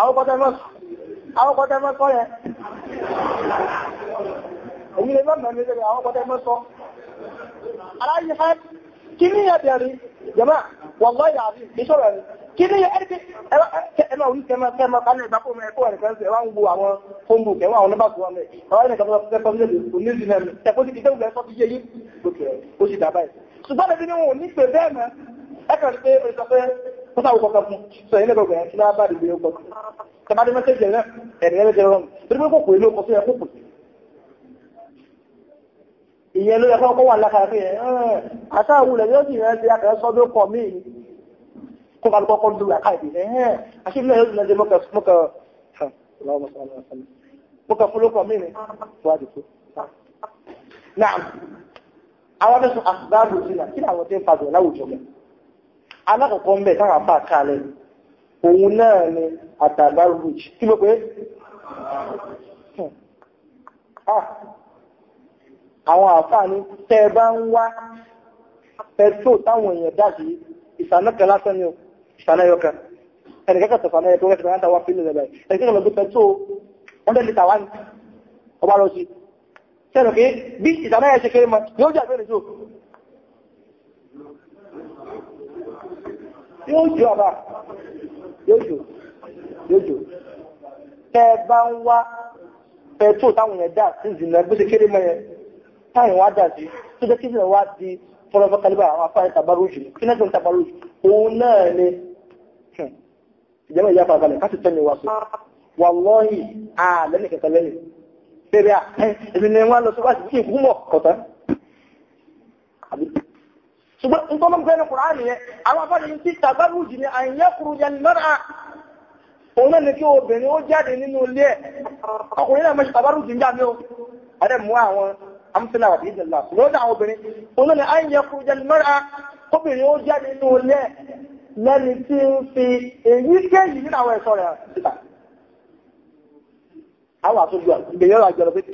àwọn kọ́tẹ́ mọ́ sọ yẹn èyí lè mọ́mọ̀ ní ṣẹlẹ̀ àwọn kọ́tẹ́ mọ́ sọ aláyé ha kí ní yẹ bẹ̀rẹ̀ jẹ́mà wọ́lọ́ yà rí ìṣọ́rọ̀ rẹ̀ kí ní yẹ ẹ̀rẹ́dẹ́ ẹ̀mà orí kẹmà kẹmà kálẹ̀ ìgbà kọ́sà àwọn kọ̀ọ̀kan fún sọ ilé gbogbo ẹ̀ sílá bá dìbò yóò tàbí mẹ́sẹ̀jì ẹ̀rẹ́ ẹ̀rẹ́ jẹ́ rọrùn torí pé kò pè ló kọ́ sí ẹkùn kù ìyẹn ló yẹkọ́ kọ́ wà lákàrà pé àtàwùlẹ̀ yóò sì rẹ́ sí akẹ́rẹ́ sọ́dún kọ̀ mí kó bá lọ́kọ́ ń dúró àkáìdì ẹ̀hẹ́n àṣíbílẹ̀ yóò sì rẹ́ sí mọ́kà fúlókọ̀ mí ni wà dìbò náà àwọn fẹ́sùn àbábù sílẹ̀ kí ni àwọn tí ń fa alákọ̀ọ́kọ́ ń bẹ̀ táwọn àpá kalẹ̀ òun náà ni àtàbárùj kí ló pé ah! àwọn àfáàní tẹ́ bá ń wá pẹ̀tró táwọn èèyàn dáṣì ìsànàkà lásán ni ìsànàyọkà ẹnìkẹ́kẹ́ tọ̀fàná ẹ̀kọ́ rẹ̀ tọ̀fàná tàwà fílẹ̀ rẹ̀ ẹ̀kẹ́kẹ́ lọ́gbẹ́ pẹ̀tró wọ́n dẹ̀ lítà wá ní ọba lọ sí sẹ́nu pé bí ìsànàyà ṣe kéré mọ́ yóò jẹ́ àfẹ́ yóò jù àbá yóò jù yóò jù tẹ bá ń wá pẹ̀tò táwọn yẹn dà sí ìzìnà gbèsè kéré mọ́ yẹn táwọn wá dà sí tó jẹ́ kí ìzìnà wá di fọlọ́fọ́ kálíbà àwọn afárá tabarújù kí náà tó ń tabarújù òun náà ni hmm, ìjọba ìyá farabalẹ̀ ká sì tẹ́ mi wá sí wàlọ́ọ̀hì àlẹ́ nìkẹ̀kẹ̀ lẹ́yìn bẹ́ẹ̀ bí i à ẹ̀mí ni wọ́n lọ sí wáṣí kí ìkú mọ̀ kọ̀tán ṣùgbọ́n nítorí ń bẹ́nu kùrán nìyẹn àwọn afọ́ yìí ti tàgbàrú jù ní àyẹ́kùrú yẹn lọ́rà òun náà ni kí obìnrin ó jáde nínú ilé ẹ̀ ọkùnrin náà mẹ́ṣẹ̀ tàgbàrú jù ń jáde o adé mú àwọn amúsílẹ̀ wà bíi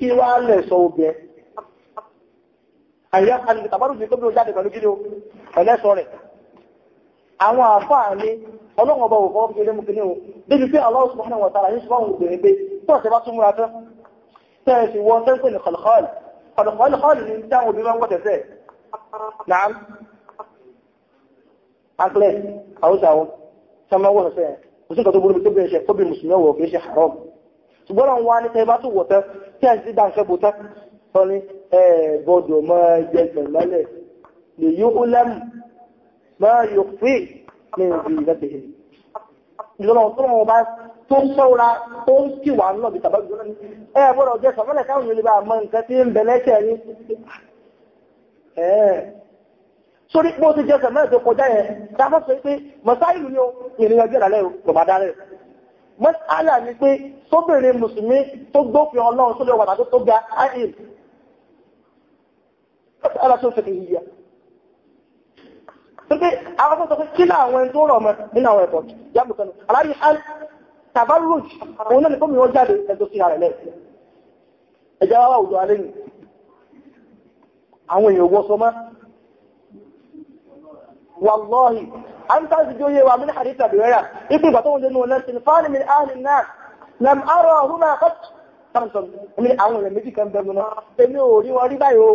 ìjẹ̀lá àyà alùpùpù tàbárù sí gómìnà jáde pẹ̀lú kí ni o ẹlẹ́sọ rẹ̀ àwọn àfáà ni ọlọ́run ọba òkọ́ fi lé mú kí ni o débi pé Allahu subhanahu wa ta'ala yìí sọ fáwọn obìnrin pé tó ọ̀sẹ̀ bá tún múra tán tẹ́ ẹ sì wọ́n tẹ́ńpẹ̀ ní kọ̀lọ̀kọ́ọ̀lì kọ̀lọ̀kọ́ọ̀lì ni táwọn obìnrin máa ń wọ́tẹ̀ sẹ́ẹ̀ nàám akílẹ̀ àwùjọ ẹ gbọ́dọ̀ máa jẹ gbẹ̀mọ́lẹ̀ lè yí ó lẹ́mù máa yọ pé ní ìrìn ìrẹ́bẹ̀ẹ́ ìlọ́nà tó wọn bá tó ń mọ́ra tó ń kì wà náà bí tàbí ìjọba ní ẹ gbọ́dọ̀ jẹ sọ̀mọ́lẹ̀ káwọn olè bá mọ nǹkan tí ń bẹ̀lẹ́ tẹ̀ ní sórí pé ó ti jẹ sọ̀mọ́lẹ̀ tó kọjá yẹn dáfọ́ sọ pé mọ̀sáìlú ni ó ìrìnàjò ìrànlẹ́ rọ̀bàdárẹ̀ mọ́sálà ni pé sóbìnrin mùsùlùmí tó gbófin ọlọ́run sórí ọwà tó tó ga áìl مسألة فقهية pípé àwọn tó sọ pé kí láwọn ẹni tó rọ̀ mọ́ nínú àwọn ẹ̀kọ́ yàgbù sẹ́nu aláàrí hàn tabarruj òun náà ni fómi wọ́n jáde ẹjọ́ sí ara ẹ̀ ẹjá wá òjò alẹ́ yìí àwọn èèyàn wọ́sọ mọ́ wallahi an ta sì jóye wa min hadith abirera ibi ìgbà tó wọ́n dénú ọ̀nà sin fáàlì min ahli náà lam ara ọ̀hún náà kọ́tù tàbí sọ àwọn èèyàn méjì kan bẹ̀rù náà èmi ò rí wọn rí báyìí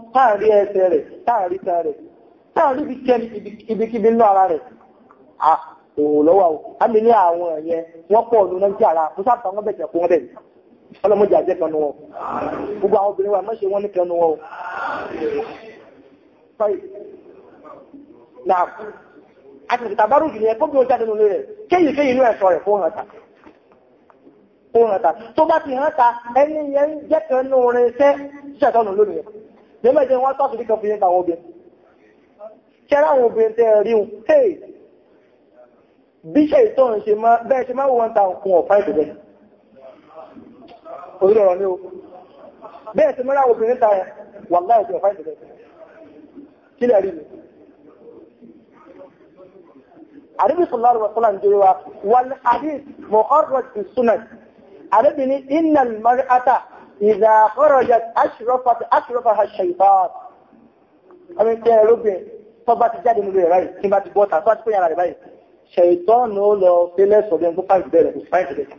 táàrí ẹsẹ̀ rẹ̀ táàrí ta rẹ̀ táàrí fi kẹ́ ara rẹ̀ o a mi ní àwọn ẹ̀yẹn wọ́n pọ̀ nínú náà jàrá kó sábà wọ́n ko kó wọ́n bẹ̀ ọlọ́mọdé àjẹ́ kan nu wọn gbogbo àwọn obìnrin wa mọ́ṣe wọ́n ní kan wọn o. Naam. Àti ìtàbárù jù yẹn kóbi ojáde nínú kéyìí kéyìí inú ẹ̀sọ́ fún Fún Tó bá ti hàn ta, ẹni yẹn jẹ́ kan nù lẹ́mẹ̀ jẹ́ wọ́n tọ́sí kan fi yẹ́ àwọn obìnrin kẹ́rẹ́ àwọn obìnrin tẹ́ rí un hey bí ṣe ìtọ́ ń ṣe máa bẹ́ẹ̀ ṣe máa wọ́n ta nǹkan ọ̀fà ìtẹ̀bẹ̀ orílẹ̀-ọ̀rọ̀ ní o bẹ́ẹ̀ ṣe mọ́ra obìnrin ta wà láìsí ọ̀fà ìtẹ̀bẹ̀ ìdá kọ́rọ̀jà aṣírọ́fà ṣàìfàá ọmọ ìtẹ́ ẹ̀rọ́bìn tó bá ti jáde nílé ẹ̀ráì tí bá ti bọ́ tà tó bá ti pé yàrá rẹ̀ báyìí ṣàìtọ́nù on, lọ sí lẹ́sọ̀ bí ọdún fáìlì bẹ̀rẹ̀ on, fáìlì bẹ̀rẹ̀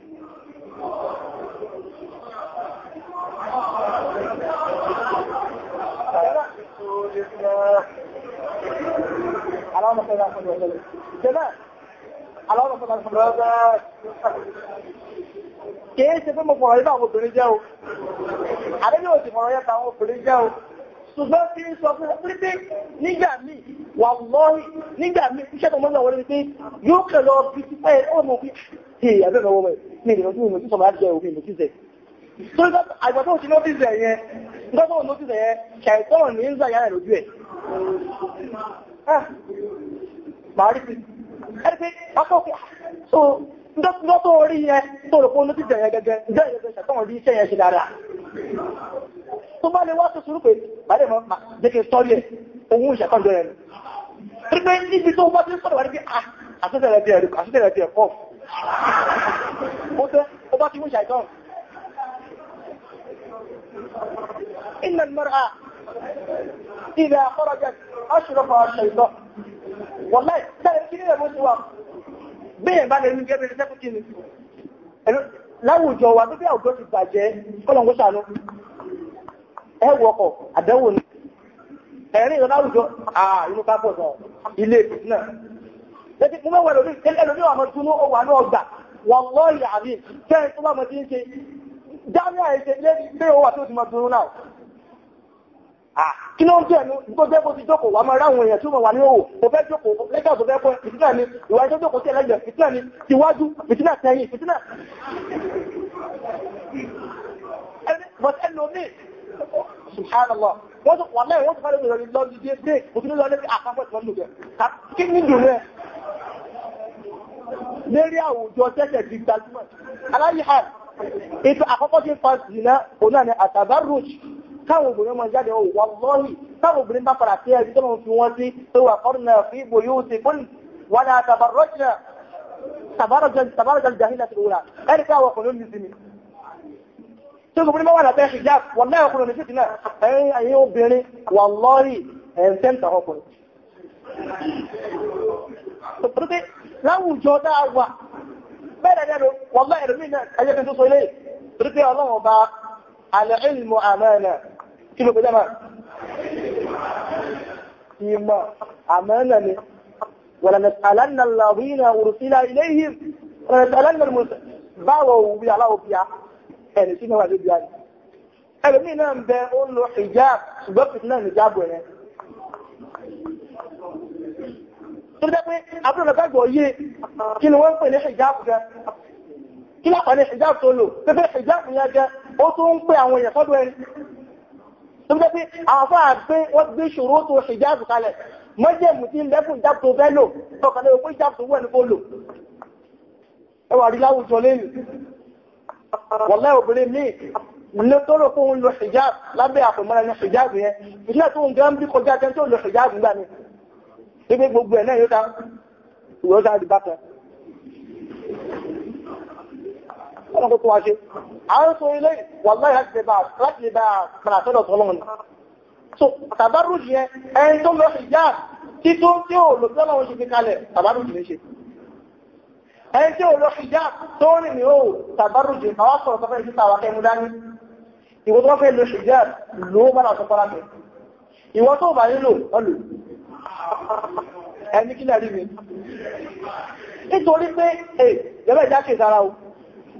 Kìí ṣe fún mọ̀ fún ọ̀rẹ́ ìbáwọn obìnrin jẹ́ o àdébí òsì mọ̀rọ̀ yẹn táwọn obìnrin jẹ́ o ṣùgbọ́n tí ń sọ fún ẹ pé nígbà míì wà lọ́rí nígbà míì iṣẹ́ tó mọ́lá wọlé pé yóò kẹ̀ lọ bí ti pẹ́ ó mọ̀ pé ṣe àbẹ̀rẹ̀ ọwọ́ rẹ̀ ní ìrìnàjò ìmọ̀ tí sọ̀rọ̀ àjẹ́ òfin ìmọ̀ tí zẹ̀ tó ń àgbà tó ti lọ́tí zẹ̀ yẹn tó lọ́tí zẹ̀ ní ń zàyà rẹ̀ lójú ẹ̀ ah, máa rí sí so nígbà tó rí yẹn tó rò tó bá lè wá tó sùúrù pé bàdé mọ́ jẹ́kẹ́ sọ́rí ẹ̀ ohun ìṣẹ̀kọ́jọ́ rẹ̀ rí pé níbi tó bá tí sọ́rọ̀ wà ní pé ah, àṣẹ́sẹ̀rẹ̀ ti ẹ̀kọ́ ó bá ti mú ṣàìtàn iná mọ́ra ilẹ̀ àkọ́rọ̀jẹ́ aṣùrọ̀fà ṣàìtàn wọ́n láì tẹ́lẹ̀ kí ní ẹ̀mọ́ sí wa bí ẹ̀ bá láwùjọ wa tó bí àwùjọ ti bàjẹ́ kọ́lọ̀ngó sànú ẹwọ ọkọ̀ àdánwò ni ẹ̀rin ìrọ̀ láwùjọ ààrínú kápọ̀ sọ ilé ìpìtínà lẹ́tí mú mẹ́wàá lórí ẹlòmí wà mọ́ túnú ó wà ní ọgbà wọ́n lọ́ọ̀yà àmì tẹ́ tó bá mọ́ ti ń ṣe dáríà ẹ̀ṣẹ̀ lé Ah, kí ló ń tẹ̀ ní tó jẹ́ kó ti jókòó wà máa ráwọn èèyàn tí ó mọ̀ wà ní òwò mo fẹ́ jókòó lẹ́gbà tó fẹ́ kọ́ ìtìlẹ̀ ni ìwà ìjọ́ jókòó sí ẹlẹ́gbẹ̀ ìtìlẹ̀ ni tiwájú ìtìlẹ̀ tẹ̀yìn ìtìlẹ̀ but ẹlòmíì subhanallah wọ́n tó wà mẹ́rin wọ́n tó fẹ́ lórí lórí lórí díẹ̀ dé kò tún lọ lórí àpapọ̀ tí wọ́n lò jẹ́ kí ní dùn rẹ̀ lérí àwùjọ tẹ́tẹ̀ ti gbajúmọ̀ aláyíhà ètò àkọ́kọ́ tí ń fa ìlà òun náà táwọn obìnrin máa jáde ọ̀hún wallahi táwọn obìnrin bá padà sí ẹbí tó lọ́n fi wọ́n sí pé wà qarna fi buyutikunna wala tabarrajna tabarrajna al-jahiliyati al-ula ẹni pé àwọn ọkùnrin ní sinmi. tó obìnrin máa wà lábẹ́ hijab wọ́n náà ọkùnrin ní sísìn náà ẹ̀yìn ẹ̀yìn obìnrin wallahi ẹ̀ńtẹ́ǹtà ọkùnrin. láwùjọ dáa wà bẹ́ẹ̀ dẹ́nu wallahi ẹ̀rọ mi náà ẹ̀yẹ́ fi tó so ilé torí pé ọlọ́run ọba al-ilmu amana kí ló pẹ́ jẹ́mà ìmọ̀ àmọ́nà ni wàlànàtàlánà làwínà òrùsílà ilé yìí wàlànàtàlánà báwọ̀ òwúrí aláwòbíà ẹni tí mẹ́wàá lóbi àrí ẹlòmí náà ń bẹ ó ń lo hijab ṣùgbọ́n fìtì náà nìjáàbò rẹ̀ tó jẹ́ pé àbúrò mẹ́fà gbọ́ yé kí tó jẹ́ pé àwọn afáà pé wọ́n gbé ṣòro tó hijab kalẹ̀ mọ́jẹ̀mù tí ń bẹ́ fún ìjáàbù tó fẹ́ lò tọkànlẹ̀ òpó ìjáàbù tó wẹ̀ ní kó lò ẹ wà rí láwùjọ lẹ́yìn wọ̀lẹ́ obìnrin míì ilé tó rò fún lo hijab lábẹ́ àpòmọ́ra ọlọ́kọ̀ tó wá ṣe àwọn tó ilé wàláyé láti lè bá láti lè bá padà sọ́dọ̀ tọ́lọ́run so tàbárù yẹn ẹni tó lọ sí yáà tító tí ò lò tọ́lọ́ wọn ṣe fi kalẹ̀ tàbárù yìí ṣe ẹni tí ò lọ sí yáà tó rìn ní ó tàbárù yìí àwọn sọ̀rọ̀ tó fẹ́ sí tàwa kẹ́mu dání ìwọ tó fẹ́ lọ sí yáà lò ó bára sọ fọ́lá fẹ́ ìwọ tó bá nílò ọlù ẹni kí lè rí mi nítorí pé ẹ jẹ́bẹ̀ jákè sára o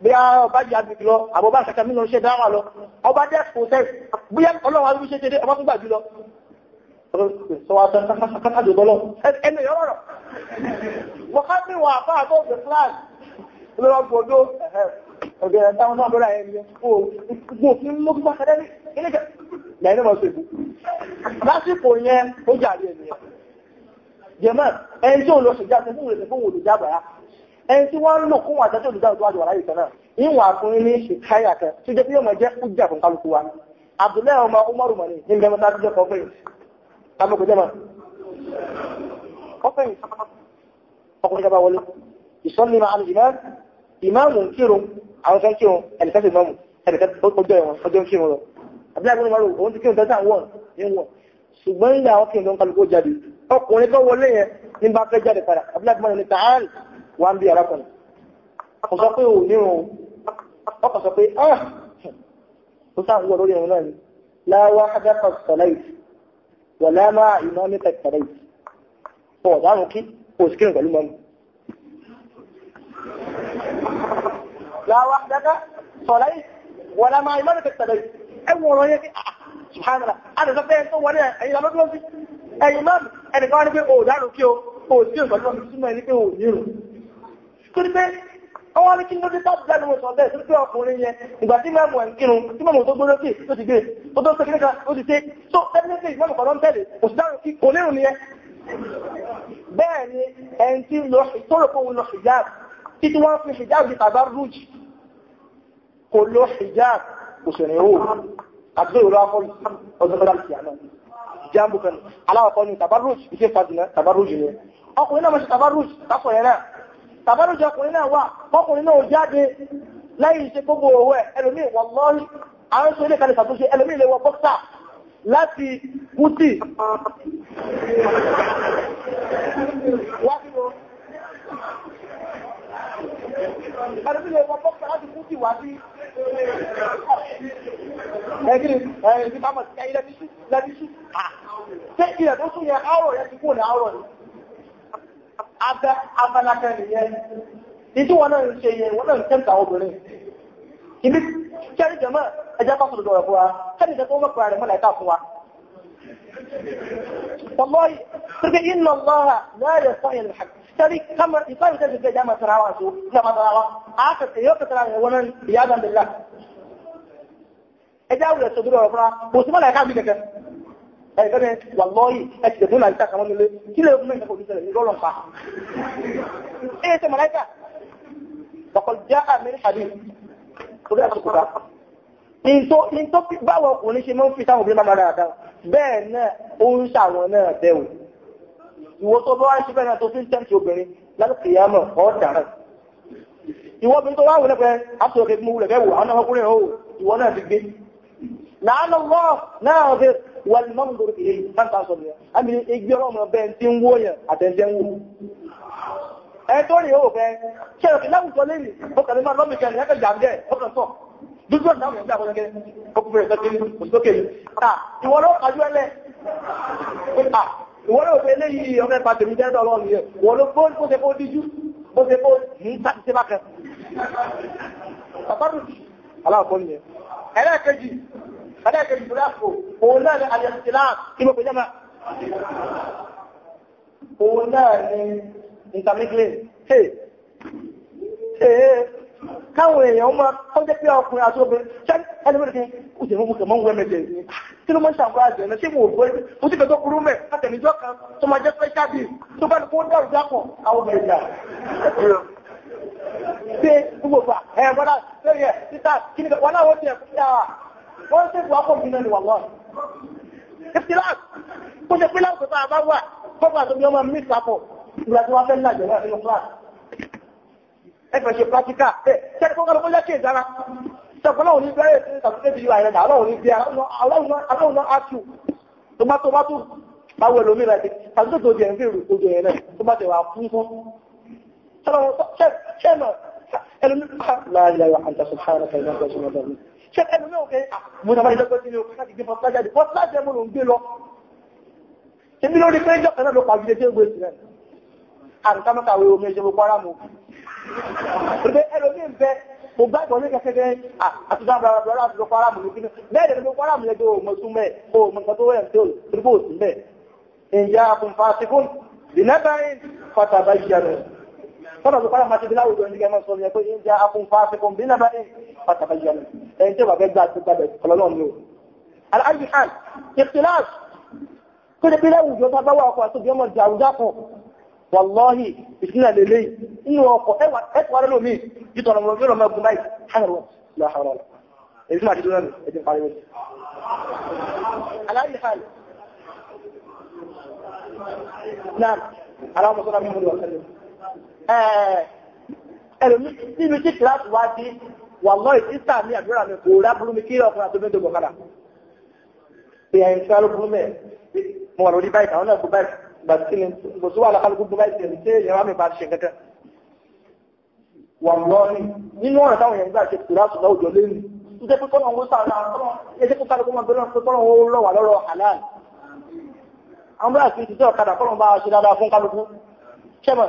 bí a ọba jẹ́ agbègbè lọ àbọ̀bá àṣàkà mílọ̀ ṣe dáwà lọ ọba jẹ́ process bí ọlọ́wà ló ṣe ṣe dé ọba tó gbà jù lọ sọwọ́sọ kátàdé bọ́lọ̀ ẹnu yọ rọrọ̀ wọ́n ká ní wọn àbá àbọ̀ òfin flag lọ́wọ́ gbọ́dọ̀ ọ̀gẹ̀ táwọn náà bọ́lá ẹni gbò fún lókùn bá kẹ́lẹ́ ilé jẹ́ lẹ́yìn mọ̀ sí lásìkò yẹn ó jà rí ẹni yẹn jẹ́mọ́ ẹni tí òun lọ ṣèjà ẹni tí wọ́n ń lò kún àjọ tó olùdáwọ̀ tó wájú wàláyé kan náà ìwọ̀n àkùnrin ní ṣìkáyà kan tó jẹ́ pé yóò máa jẹ́ kújà fún kálukú wa Abdullahi ọmọ Umaru mọ̀ ní ní bẹ́ẹ̀ mọ́tà àtijọ́ kan fẹ́yìn kábọ̀kọ̀ jẹ́ mọ́ ọ fẹ́yìn ọkùnrin kaba wọlé ìsọ́ni máa ń jìnnà ìmáàmù ń kírun àwọn kan kírun ẹnìkan sì mọ́mù ẹnìkan ọjọ́ ẹ̀wọ̀n ọjọ́ ń kírun lọ Abdullahi ọmọ Umaru òun ti kírun tẹ́tà wọ̀n ní wọ̀n ṣùgbọ́n ìyá ọkùnrin tó ń yẹn ní bá fẹ́ jáde padà Abdullahi ọmọ ní tààlì wá ń bí arákùnrin kò sọ pé ò nírun ọkọ̀ sọ pé ah ó sáà ń wọ lórí ẹ̀rùn náà ni láwá adákọ̀ sọ̀láìt wà láàmà iná nípa sọ̀láìt pọ̀ dáhùn kí kò sí kírun pẹ̀lú mọ́mù láwá adákọ̀ sọ̀láìt wà láàmà iná ní pé ò torí pé ọwọ́ ní kí ló dé tábí jáde wọ́n sọ bẹ́ẹ̀ tó pé ọkùnrin yẹn ìgbà tí mẹ́mù ẹ̀ ń kírun tí mẹ́mù tó gbóró kì tó ti gbé tó tó kékeré kan ó ti ṣe tó definitely ìmọ̀mù kan ló ń kò sí dáhùn kí kò lérò nìyẹn bẹ́ẹ̀ ni ẹni tí lọ tó rò pé òun lọ hijab títí wọ́n fi hijab di tàbá rújì kò lọ hijab kò sì rìn òòrùn àti pé òòrùn afọ ọdún kọjá lùsì àná jambu kan aláwọ̀ ní tàbá rújì ìṣe fàdùnà tàbá rújì ni ọkùnrin náà mọ̀ sí tàbá rújì táfọ̀ yẹn náà tàbárùjọ ọkùnrin náà wà ọkùnrin náà jáde lẹ́yìn ṣe gbogbo owó ẹ̀ ẹlòmí wọ́lọ́rí àwọn ṣe oníkanì ṣàtúnṣe ẹlòmí ilé wọ bọ́ksà láti kútì wá sínú ẹlòmí ilé wọ bọ́ksà láti kútì wá sí ẹgbẹ́ ẹ̀rìn tí bá mọ̀ sí ilẹ̀ tíṣù abẹ́ abẹ́lákẹ́ nìyẹn ìdí wọn náà ń ṣe yẹn wọn náà ń tẹ́ǹtà obìnrin ìbí kẹ́rì jẹ̀mọ́ ẹjẹ́ bá sọ̀rọ̀ dọ̀rọ̀ fún wa kẹ́rì jẹ́ tó mọ̀kọ̀ rẹ̀ mọ̀lẹ́ta fún wa. Wallahi, sirgi inna Allah la ya sa'il al-haq. Sari kamar isai ta shiga jama tarawa su, na matarawa. Aka ce yau ka tarawa wannan iyadan billah. Eja ẹ̀ẹ́dẹ́gbẹ́ wà lọ́yìn ẹ̀sìn tẹ̀sán náà ìtàkà wọn nílé kí lè mú ìtàkà òdìsẹ̀lẹ̀ ní lọ́lọ́ pa. ẹ ṣe mọ̀láìkà ọkọ̀ já àmì àdé orí àkókò rà. ìtọ́ ìtọ́ báwọn ọkùnrin ṣe máa ń fi táwọn obìnrin máa dára dára bẹ́ẹ̀ náà ó ń ṣàwọn náà bẹ́ẹ̀ o. ìwọ tó bá wá ṣe bẹ́ẹ̀ náà tó fi ń tẹ́ǹtì obìnrin lálùkì yàmọ̀ ọ̀ dàrán. ìwọ obìnrin tó wá wò lẹ́pẹ́ àtúntò kẹ́kẹ́ mú wulẹ̀ bẹ́ẹ̀ wò àwọn ọkùnrin náà ìwọ náà ti gbé. làánú wọ́ọ̀ náà ọ̀gẹ́ wàlí mọ́mù lórí kìí èyí máa ń ta sọ̀rọ̀ yẹn àmì ìgbé ọlọ́mọ bẹ́ẹ̀ ti ń wó yẹn àtẹ̀jẹ́ ń wò ẹ tó rí owó fẹ́ ṣẹlẹ̀ kí láwùjọ lẹ́yìn ó kàn ní máa lọ́mì kẹrin ẹ̀kẹ́ jà ń jẹ́ ó kàn sọ dúdú ọ̀nà àwọn ẹ̀gbẹ́ àkọ́jọ́ kẹrin ó kún fẹ́rẹ̀ sọ́kẹ́ òsókè yìí à ìwọ ló kájú ẹlẹ́ à ìwọ ló fẹ́ lẹ́yìn ọmọ ẹ̀fà tèmi jẹ́ ọlọ́run yẹn ìwọ ló bó ṣe kó díjú bó ṣe kó ní sáti ṣe bákan. bàbá dùn aláwọ̀ ẹlẹ́ẹ̀kejì tó dáàbò òun náà ni àyẹ̀sìlá kí ló pèjẹ́ máa òun náà ni intermingling hey hey káwọn èèyàn máa kọ́ jẹ́ pé ọkùnrin àti obìnrin ṣe ẹlẹ́mìnì kí ó jẹ́ mú kẹmọ́ wẹ́ mẹ́jẹ̀ ní tí ló mọ́ ṣàǹkọ́ àjẹ́ ẹ̀nà ṣé mo gbọ́ ẹgbẹ́ mo sì fẹ́ tó burú mẹ́ látẹ̀míjọ́ kan tó máa jẹ́ special bill tó bá ní kó dẹ̀rù dápọ̀ wọ́n ṣe wà pọ̀ jù náà ni wà lọ́ọ̀ ìfìlàs kó ṣe pé láwùjọ tá a bá wà kọ́kọ́ àtọ́bí ọmọ mi sàpọ̀ ìgbà tí wọ́n fẹ́ lájọ náà nínú class ẹgbẹ̀ ṣe practical ẹ ṣẹ́ni kọ́kọ́ lọ́kọ́ lẹ́kẹ̀ ìdára ṣẹ́kọ́ náà ní bẹ́ẹ̀ tàbí bí ìwà ìrẹ́dà ọlọ́run ní bí aláwọ̀ náà átù tomato bá tún báwo ẹlòmí rẹ̀ tàbí tó jẹ́ ní ìrù ojú ẹ̀rẹ́ tó bá tẹ̀wà fún fún ṣẹ́nà ẹlòmí ṣé ẹnu náà fẹ́ ah, mo náà bá yẹ lọ́gbọ́n sí ni o káàkiri gbé fọ́tílá jáde fọ́tílá jẹ́ mo ló ń gbé lọ. èmi lórí pé ìjọba náà ló pa àgùdé dégbò èsì rẹ̀ àrùká mọ́ta àwọn omi ẹ̀ṣẹ̀ gbogbo ara mu. pé ẹlòmíín bẹ mo gbàgbọ́ ní kẹsẹ̀kẹ́ àtúntà bàbàbàbà àti gbogbo ara mu lókè náà bẹ́ẹ̀ ni gbogbo ara mu yẹn tó o mọ̀ sún mẹ́ o mọ̀ nǹkan tó wẹ̀ tó o tó o sì mẹ́. ìyá akùnfà síkún ìnábàáyìn fọ́tàbáyìí tọ́lọ̀ tó pàdà máa ti bí láwùjọ ní kẹmọ́ sọ yẹ pé ń jẹ́ akún fásikún bí náà bá ní pàtàkì yẹnu ẹni tí ó bá fẹ́ gbà tó gbàgbẹ́ ọlọ́run ní o. aláàjì hàn ìfìlàs tó lè bí láwùjọ tó bá wà ọkọ̀ àti bí ọmọ ìjà àwùjá kan wàlọ́hì ìṣúná lélẹ́ inú ọkọ̀ ẹ̀kọ́ rẹ̀ lómi ìtọ̀nà mọ̀ yóò mẹ́gun báyìí hàn Nam, aláwọ̀ sọ́dọ̀ mímú ni wọ́n sẹ́lẹ̀. Eh, ẹlòmí nínú tí kíláàsì wá sí wà lọ ìsísà ní àdúrà mi kò rá burú mi kí ọkùnrin àti obìnrin tó gbọ̀ kadà pé ẹ̀yìn tí wàá ló burú mẹ́ mo wà lórí báyìí àwọn náà kó báyìí gbàtí kí ni kò sí wà lọ́kàlù gbogbo báyìí tẹ̀lé tí èèyàn wá mi bá ṣe kankan wà lọ ní nínú ọ̀nà táwọn èèyàn gbà ṣe kíláàsì láwùjọ lẹ́nu tó jẹ́ pé kọ́nà owó sáà náà kọ́nà ẹ àwọn bá àti ìtìjọ́ ọ̀kadà kọ́lọ̀ bá ṣe dáadáa fún kálukú ṣẹ́mọ̀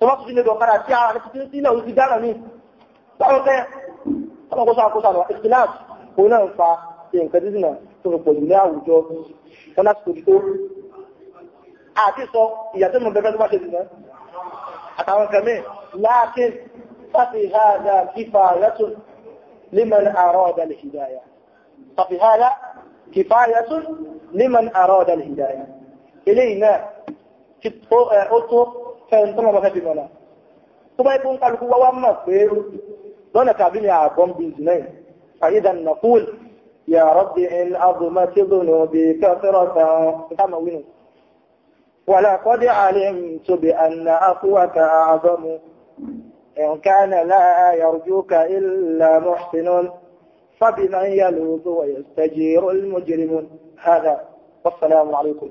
tó bá tuntun lè dọ̀ kára tí ara rẹ̀ tuntun sílẹ̀ òun ti dára ní báwọn kẹ́ ọmọ kó sáà kó sáà lọ ìsìláàmù òun náà ń fa ṣe nǹkan títí náà tó fi pọ̀jù ní àwùjọ wọn láti tòjú tó àti sọ ìyàtọ̀ mọ̀ bẹ́ẹ̀ tó fẹ́ni tó lọ́wọ́ fẹ́ fi mọ̀nà tó bá ikú ń kálukú wá wá mọ̀ pé lọ́nà tàbí ni àbọ̀n bí ìsìnlẹ̀ fàyídà nàkúl yà rọ́bì in azùmá tí lónà bí kẹfẹ́rọ̀ tán ìtàmà wínú ولقد علمت بأن أخوك أعظم إن كان لا يرجوك إلا محسن فبمن يلوذ ويستجير المجرم هذا والسلام عليكم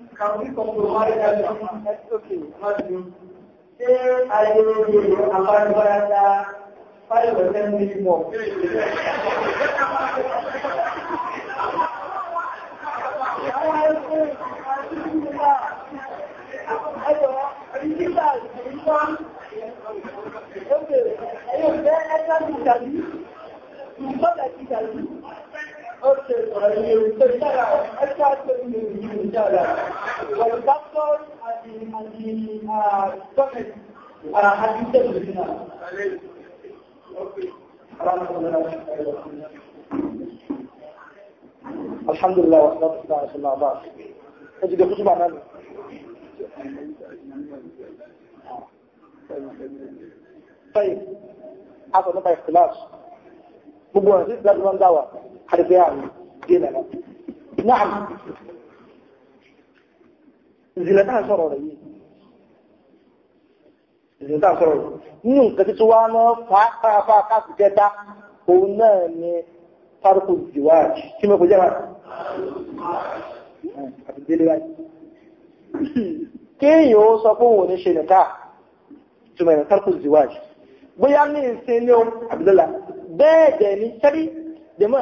Can we compromise that one? That's okay, not you. Ṣé ayé oye àpárúbárádá five or ten million more? Okay, ẹ̀yọ̀ fẹ́ ẹ̀ka ti dàbí, ìgbọ́dọ̀ ti dàbí. الحمد لله والصلاة والسلام على الله أجد خطبة انا طيب حصل نقطة اختلاف بقول لك لازم ندور harbiyan jilala na'am zilata sọ̀rọ̀ rẹ̀ yìí zilata sọ̀rọ̀ rẹ̀ nínú nǹkan tí wọ́n lọ fàáfàáfà káàkiri jẹta òun náà ni farko ziwáàjì kí mẹ́kò jẹ́ máa àbìdélé wáyé kéèyàn ó sọ fún òun ní ṣe nìka túmọ̀ ní farko ziwáàjì bóyá ní ìsinmi àbìdélá bẹ́ẹ̀ dẹ̀ ní sẹ́rí dẹ̀mọ́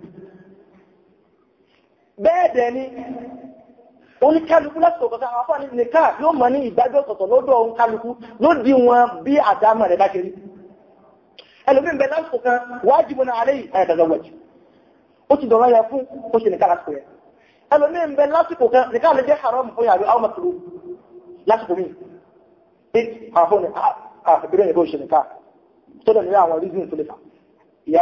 bẹ́ẹ̀ dẹ̀ ni oníkálukú lásìkò kọ̀ọ̀kan àwọn afọ́ nìkan yóò mọ̀ ní ìgbàjọ́ ọ̀tọ̀ọ̀tọ̀ lọ́dọ̀ oníkálukú ló di wọn bí àdámọ̀ rẹ̀ bá ṣe rí ẹlòmíín bẹ lásìkò kan wájibun alayhi àyàdàgbàwọ̀jì ó ti dọ̀rọ̀ yẹn fún ó ṣe nìkan lásìkò yẹn ẹlòmíín bẹ lásìkò kan nìkan lè jẹ́ haram fún yàrá àwọn mọ̀tòrò lásìkò mi bíi àfọ ní àfẹ́bẹ̀rẹ̀ nìkan ò ṣe nìkan tó dẹ̀ ní àwọn reason tó lè fà ìyá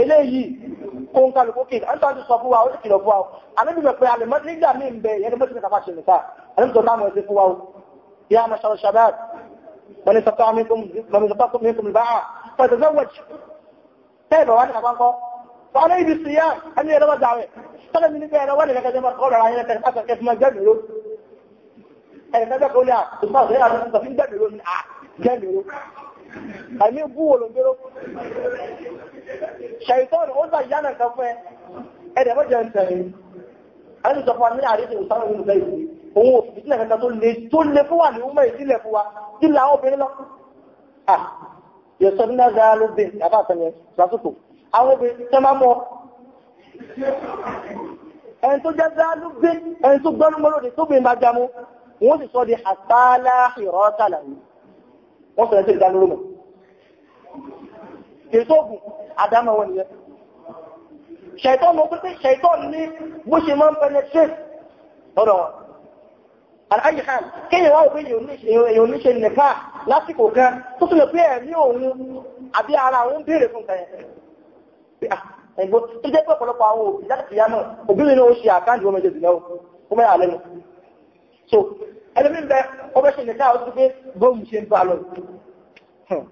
eléyìí kó ń kálukú kí n tó sọ fún wa ó sì kìlọ̀ fún wa àlébí mọ̀ pé àlèmọ́ nígbà míì ń bẹ ìyẹn ni mọ́sílẹ̀ tàbá ṣe nìta àlébí tó láàmú ẹsẹ̀ fún wa ó yá ma ṣàrọ̀ ṣàbáà wọ́n ni sọ́tọ́ mi kùn bá a pẹ̀lú zọ́wọ́jì tẹ́ẹ̀ bọ̀ wá ní àpapọ̀ wọ́n ní ibi sí yá ẹni ẹ̀rọ wọ́n dàwẹ̀ tọ́lẹ̀ mi ní bẹ́ẹ̀ wọ́n ní kẹ́kẹ́ bú wo ló ń gbéró ṣàìtọ́nù ó sà yá nàkan fún ẹ ẹ̀dẹ̀ mọ́jọ ń tẹ̀lé àti sọ fún wa ní àríṣẹ́ ìsáwọ̀ nínú bẹ́ẹ̀ sí òun ò fi sílẹ̀ kankan tó le tó le fún wa ní ọmọ ìsílẹ̀ fún wa tí la obìnrin lọ. yóò sọ nínú ẹgbẹ́ alóbè àbá àtẹ̀yẹ lásìkò àwọn obìnrin tẹ́ máa mọ́ ẹni tó jẹ́ dálúgbé ẹni tó gbọ́nú mọ́lòdì tó bí májámú wọ́n sì sọ di àtàlá ìrọ́tàlá wọ́n sọ èsògùn àdámọ̀ wọn nìyẹn ṣẹ̀tọ́ mọ̀ ní bó ṣe máa ń penetrate ọ̀rọ̀ wọn aláyé wá òfin èèyàn níṣe nìkan lásìkò kan tó tún pé ẹ̀mí òun àbí ara òun béèrè fún kan ah, so ẹlẹ́mí bẹ ọbẹ̀ ṣe nìkan ó tún gbé ṣe ń bá lọ hmm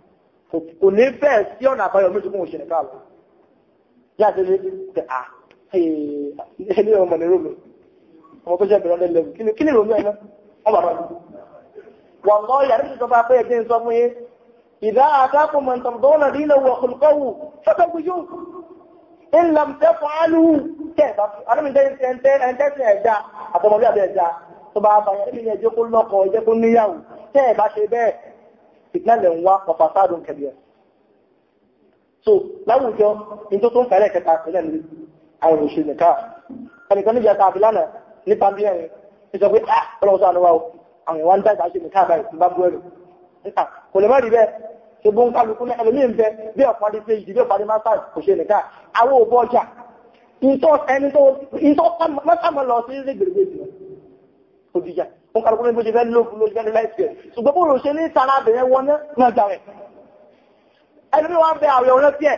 kò ní fẹ́ sí ọ̀nà àbáyọ méjì fún òṣèlú káàlù yáàtí lè tẹ̀ à ilé ọmọ ní rómi ọmọ tó jẹ́ mìíràn lẹ́lẹ́ kí ni rómi ẹ̀nà ọmọ bàbá mi wà lọ yàrá ìṣẹ́ sọba pé ẹgbẹ́ sọ fún yé ìdá àtàkùn mọ̀ntàndọ́nà nílẹ̀ wọ̀ kùnkọ́wù fẹ́fẹ́ gbújú ìlàm tẹ́fọ́ alú tẹ́ alámìdẹ́ ẹ̀ńtẹ́sẹ̀ ẹ̀dá àtọmọlẹ́ àbẹ̀ ẹ̀dá tó bá bá yàrá ìṣẹ́ fìtínà lẹ̀ ń wá pàpà sáàdùn so láwùjọ ní tó tó ń fẹ́rẹ̀ kẹta sílẹ̀ ní àrùn òṣèlú nìka ẹnìkan níbi ẹ̀ka àbílànà nípa bí ẹ̀rin ní sọ pé ah ọlọ́wọ́ sọ àníwá o àwọn ìwà ń dá ìdáṣe nìka àbáyé ń bá bú ẹ̀rù níta kò lè má rí bẹ́ẹ̀ ṣe bó ń kálukú ní ẹlòmíín bẹ bí ọ̀pọ̀lọpọ̀ phd bí ọ̀pọ̀lọpọ̀ masters kò ṣe nìka ó kàrùkú ní bó ṣe fẹ́ lóòfù ló ṣe fẹ́ lẹ́sẹ̀ ṣùgbọ́n bó ló ṣe ní sára abẹ̀rẹ̀ wọn náà gbà rẹ̀ ẹni bí wọ́n bẹ àwẹ̀ ọ̀rẹ́ tiẹ̀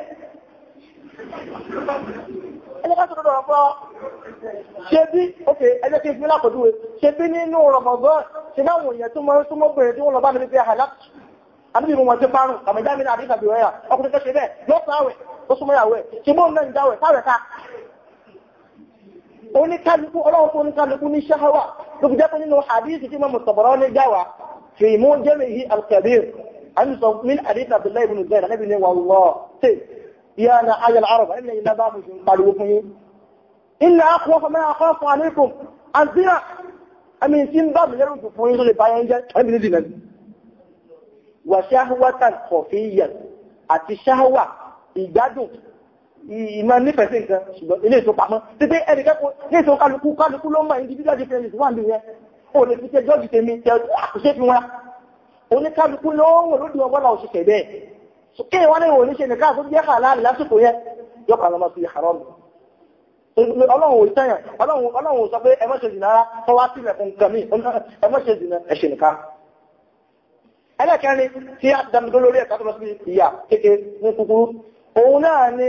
ẹni ká sọ̀rọ̀ ọ̀rọ̀ fọ́ ṣe bí ok ẹjẹ́ kí n fi lápọ̀dúwe ṣe bí nínú rọ̀mọ̀gán ṣe láwọn èèyàn tó máa ń súnmọ́ bẹ̀rẹ̀ tí wọ́n lọ bá mi fi àhàlá àbí ìrùn wọn ti parun àmì ìdámínà àbí ìsàbí ọ̀rẹ́ ọkùnrin tó ṣe bẹ́ẹ̀ lọ́pàá àwẹ̀ ó súnmọ́ ìyàwó ẹ̀ ṣe bóun náà ń oníkálukú ọlọ́run fún oníkálukú ní ṣáháwà tó fi jẹ́ pé nínú hadithi tí mọ́mù tọ̀bọ̀rọ̀ ní gáwà fi mú jẹ́mìí alkabir an sọ min hadith abdullahi ibn zayd anabi ni wàllọ́ tè ya na ayé arab ẹni ilẹ̀ bá mu sin pariwo fún yín inna akọ fún mi akọ fún alaikum an zina ẹni tí ń bá mi lẹ́rù tó fún yín tó lè jẹ́ ẹni ní dìnnà wà ṣáháwà tan kọfíyàn àti ṣáháwà ìgbádùn ìmọ̀ nífẹ̀ẹ́ sí nǹkan ṣùgbọ́n ilé ètò pamọ́ títí ẹnì kẹ́kọ̀ọ́ ní ètò kálukú kálukú ló ń mọ̀ individual difference wà ní yẹn ó lè fi tẹjọ́ ju tèmi tẹ àkùṣe fi wọn oníkálukú ló ń wò lódì ọgbọ́n làwọn ṣiṣẹ́ bẹ́ẹ̀ kí wọn ní ìwòní ṣe nìkan àti jẹ́ hàlá lásìkò yẹn yọ kàn lọ́mọ sí haram ọlọ́run ò sẹ́yìn ọlọ́run sọ pé ẹ ṣe zìnà tó wá sílẹ̀ fún nǹkan mi ẹ ṣe zìnà ẹ nìkan ẹlẹ́kẹrin tí a dàmídó lórí ẹ̀ka tó lọ sí ìyà kékeré ní kúkúrú òun náà ni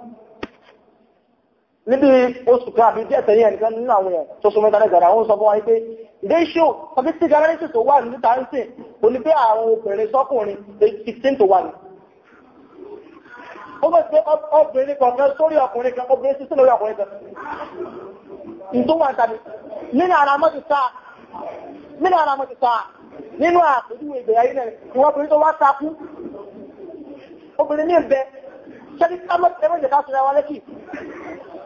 níbi oṣù kan àbí díẹ̀ tẹ̀lé ẹnìkan nínú àwọn èèyàn tó súnmọ́ ìtàlẹ̀ gbàdá wọ́n sọ fún wa pé ratio statistical analysis tó wà ní tansin kò ní pé àwọn obìnrin sọ́kùnrin sixteen to one. ó bẹ̀ pé obìnrin kọ̀ọ̀kan sórí ọkùnrin kan obìnrin sísè lórí ọkùnrin kan. nítorí wọn tàbí nínú ara mọ́ ti sáà nínú ara mọ́ ti sáà nínú àpèjúwe ìgbéyàwó náà ìwọ́n obìnrin tó wá sáà obìnrin ní ìbẹ́ sẹ́ni kámọ́ ẹ má jẹ́ ká sọ wa lẹ́kì.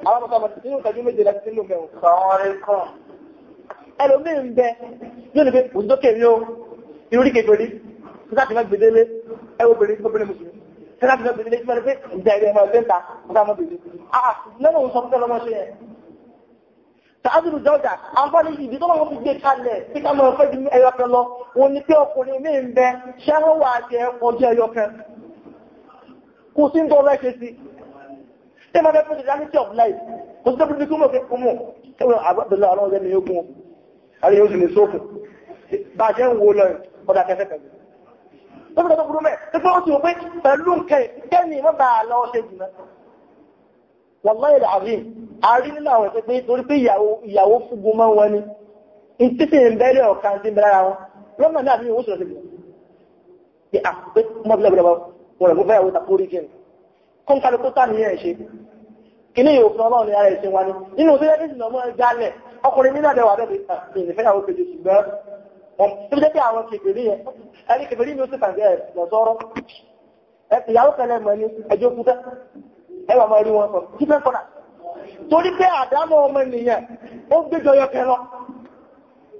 àwọn ọmọ sọmọ nínú ìtọ́jú méje lẹ́kì sínú mẹ́wọ̀n. sọ́ọ́rẹ́ kan. ẹlòmíì ń bẹ yóò ní pé òǹdókè mi ó irúrí kékeré nígbà tí wọ́n gbèdélé ẹ wo obìnrin obìnrin mùsùlùmí nígbà tí wọ́n gbèdélé ìgbà pé ìjà ìrìn ọmọ ẹgbẹ́ ta nígbà wọn bèbè. àà lọ́nà òun sọ fún tọ́lọ́mọ ṣe yẹn. Tàbílù dọ́jà, àǹfààní ìdí tó wọ́n fi gbé kalẹ̀ tí ká mọ̀ fẹ́ di ẹyọkẹ lọ, òun ni pé ọkùnrin mí ń bẹ, ṣẹ́wọ́n wà á jẹ ẹkọjẹ ẹyọkẹ kò sí ń tọ́rọ ẹ̀ṣẹ́ sí ṣe máa bẹ́ẹ̀ fún reality of life kò sí tẹ́bùrú kúmọ̀ fẹ́ kúmọ̀ ẹ̀wọ̀n àgbàbẹ̀lá ọlọ́run jẹ́ ní ogun àrí yóò sì ní sófù bá jẹ́ ń wo lọ ọ̀dà kẹfẹ́ pẹ̀lú lọ́pọ̀ tó burú mẹ́ tó pé ó ti wò pé pẹ̀lú nǹkan kẹ́ni mọ́ bá a lọ ṣe jùlọ wàláyé làárín àárín nínú àwọn ẹ̀sẹ̀ pé torí pé ìyàwó fúgun mọ́ wọn ni ní títí ń bẹ́lẹ̀ ọ̀kan sí ń bẹ́lára wọn lọ́mọ náà ní ìwòsàn ṣe jù wọ́n rẹ̀ fẹ́ ìwòta kórí kí ni kún kárí kó tán nìyẹn ṣe kí ní ìwòfin ọlọ́run ní ara ẹ̀sìn wa ni nínú tó yẹ kí sì lọ́mọ jálẹ̀ ọkùnrin mi náà dẹwà dẹ́bi ìfẹ́yàwó ah, kejì ṣùgbọ́n tó jẹ́ pé àwọn kèfèrí yẹn ẹni kèfèrí mi ó sì kàǹgẹ́ lọ́sọ́rọ́ ìyàwó kẹlẹ̀ mọ̀ ní ẹjọ́ kúta ẹwà máa rí wọn sọ kí fẹ́ kọ́nà torí pé àdámọ́ ọmọ ènìyàn ó gbéjọ yọ kẹlọ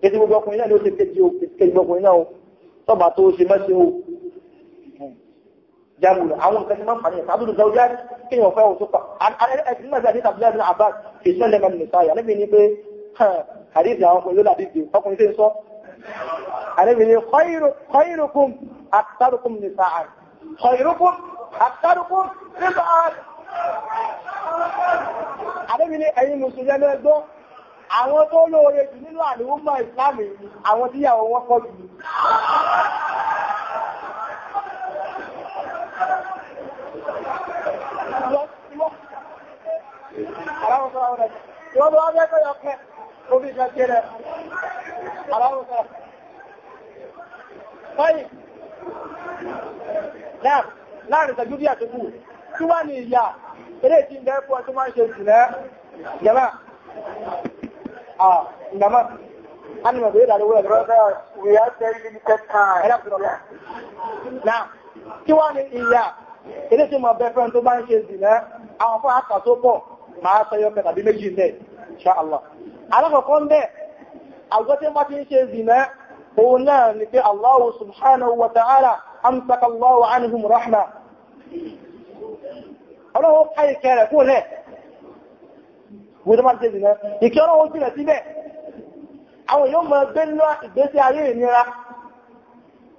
ètò gbogbo ọkùnrin náà ló ṣe kejì ọkùnrin náà tọ́ba tó ṣe mẹ́sìn o jamu àwọn nǹkan tí máa ń fà ní ẹ̀sà abúlé zawúdí àti kí wọ́n fẹ́ wọ́n tó pa ẹ̀sìn náà bí abúlé àbúlé abbas fi sún lẹ́mọ̀ nínú sáyà níbi ni pé àdéhùn àwọn ọkùnrin lóla àdéhùn ọkùnrin tí ń sọ àdéhùn ni khairukum aktharukum nisa'an khairukum aktharukum nisa'an àdéhùn ni ẹ̀yin mùsùlùmí ẹgbẹ́ àwọn tó lóore jù nínú àdéhùn mọ́ ìsìlámù aláwọ̀ sọ́ra rẹ̀ tí wọ́n bá wá bẹ́ẹ̀ kọ́yọ̀ kẹ́ omi ìjọ jẹ́ rẹ̀ aláwọ̀ sọ́ra. Báyìí, náà láàrin ìtàjú bí àtúkù, tí wá ní ìyá, eré tí ń bẹ́ fún ọtún máa ń ṣe jù lẹ́, jẹ́mà, ah, ìgbàmà, a ní mọ̀gbé ìdàlówó ẹ̀ lọ́wọ́ We have very limited time. Ẹ̀dá fún ọlọ́. Náà, kí wá máa sọyọ́ pẹ̀ tàbí méjì ń bẹ̀ ṣáàlá alákọ̀ọ́kọ́ ń bẹ̀ àgbọ́tí wọ́n ti ń ṣe zìnà òun náà ni pé Allah subhanahu wa ta'ala amsaka Allah anhum rahma ọlọ́wọ́ káyì kẹrẹ fún lẹ̀ wíwọ́n ti zìnà ìkẹ́ ọlọ́wọ́ sílẹ̀ síbẹ̀ àwọn èèyàn mọ̀ gbé ńlá ìgbésí ayé ìnira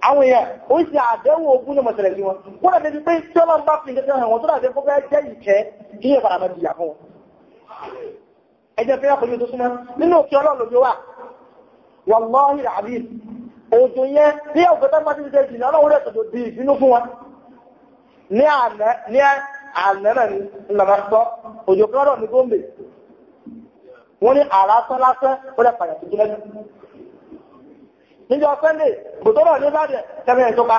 àwọn èèyàn ó ṣe àdẹ́wò ogún ní mọ̀sẹ̀lẹ̀ sí wọn kó dàbí pé tí ọlọ́run bá fi ìgbésí àwọn tó dàbí fọ́fẹ́ jẹ́ ìkẹ́ kí yẹ fara ẹjẹ́ fẹ́ ọkùnrin tó súnmọ́ nínú òkè ọlọ́run lójó wà wàlọ́hì àbí òjò yẹn bí ọ̀gọ́ta máa ti ṣe jìnnà ọlọ́run rẹ̀ tòjò di ìbínú fún wọn ní àná rẹ̀ ní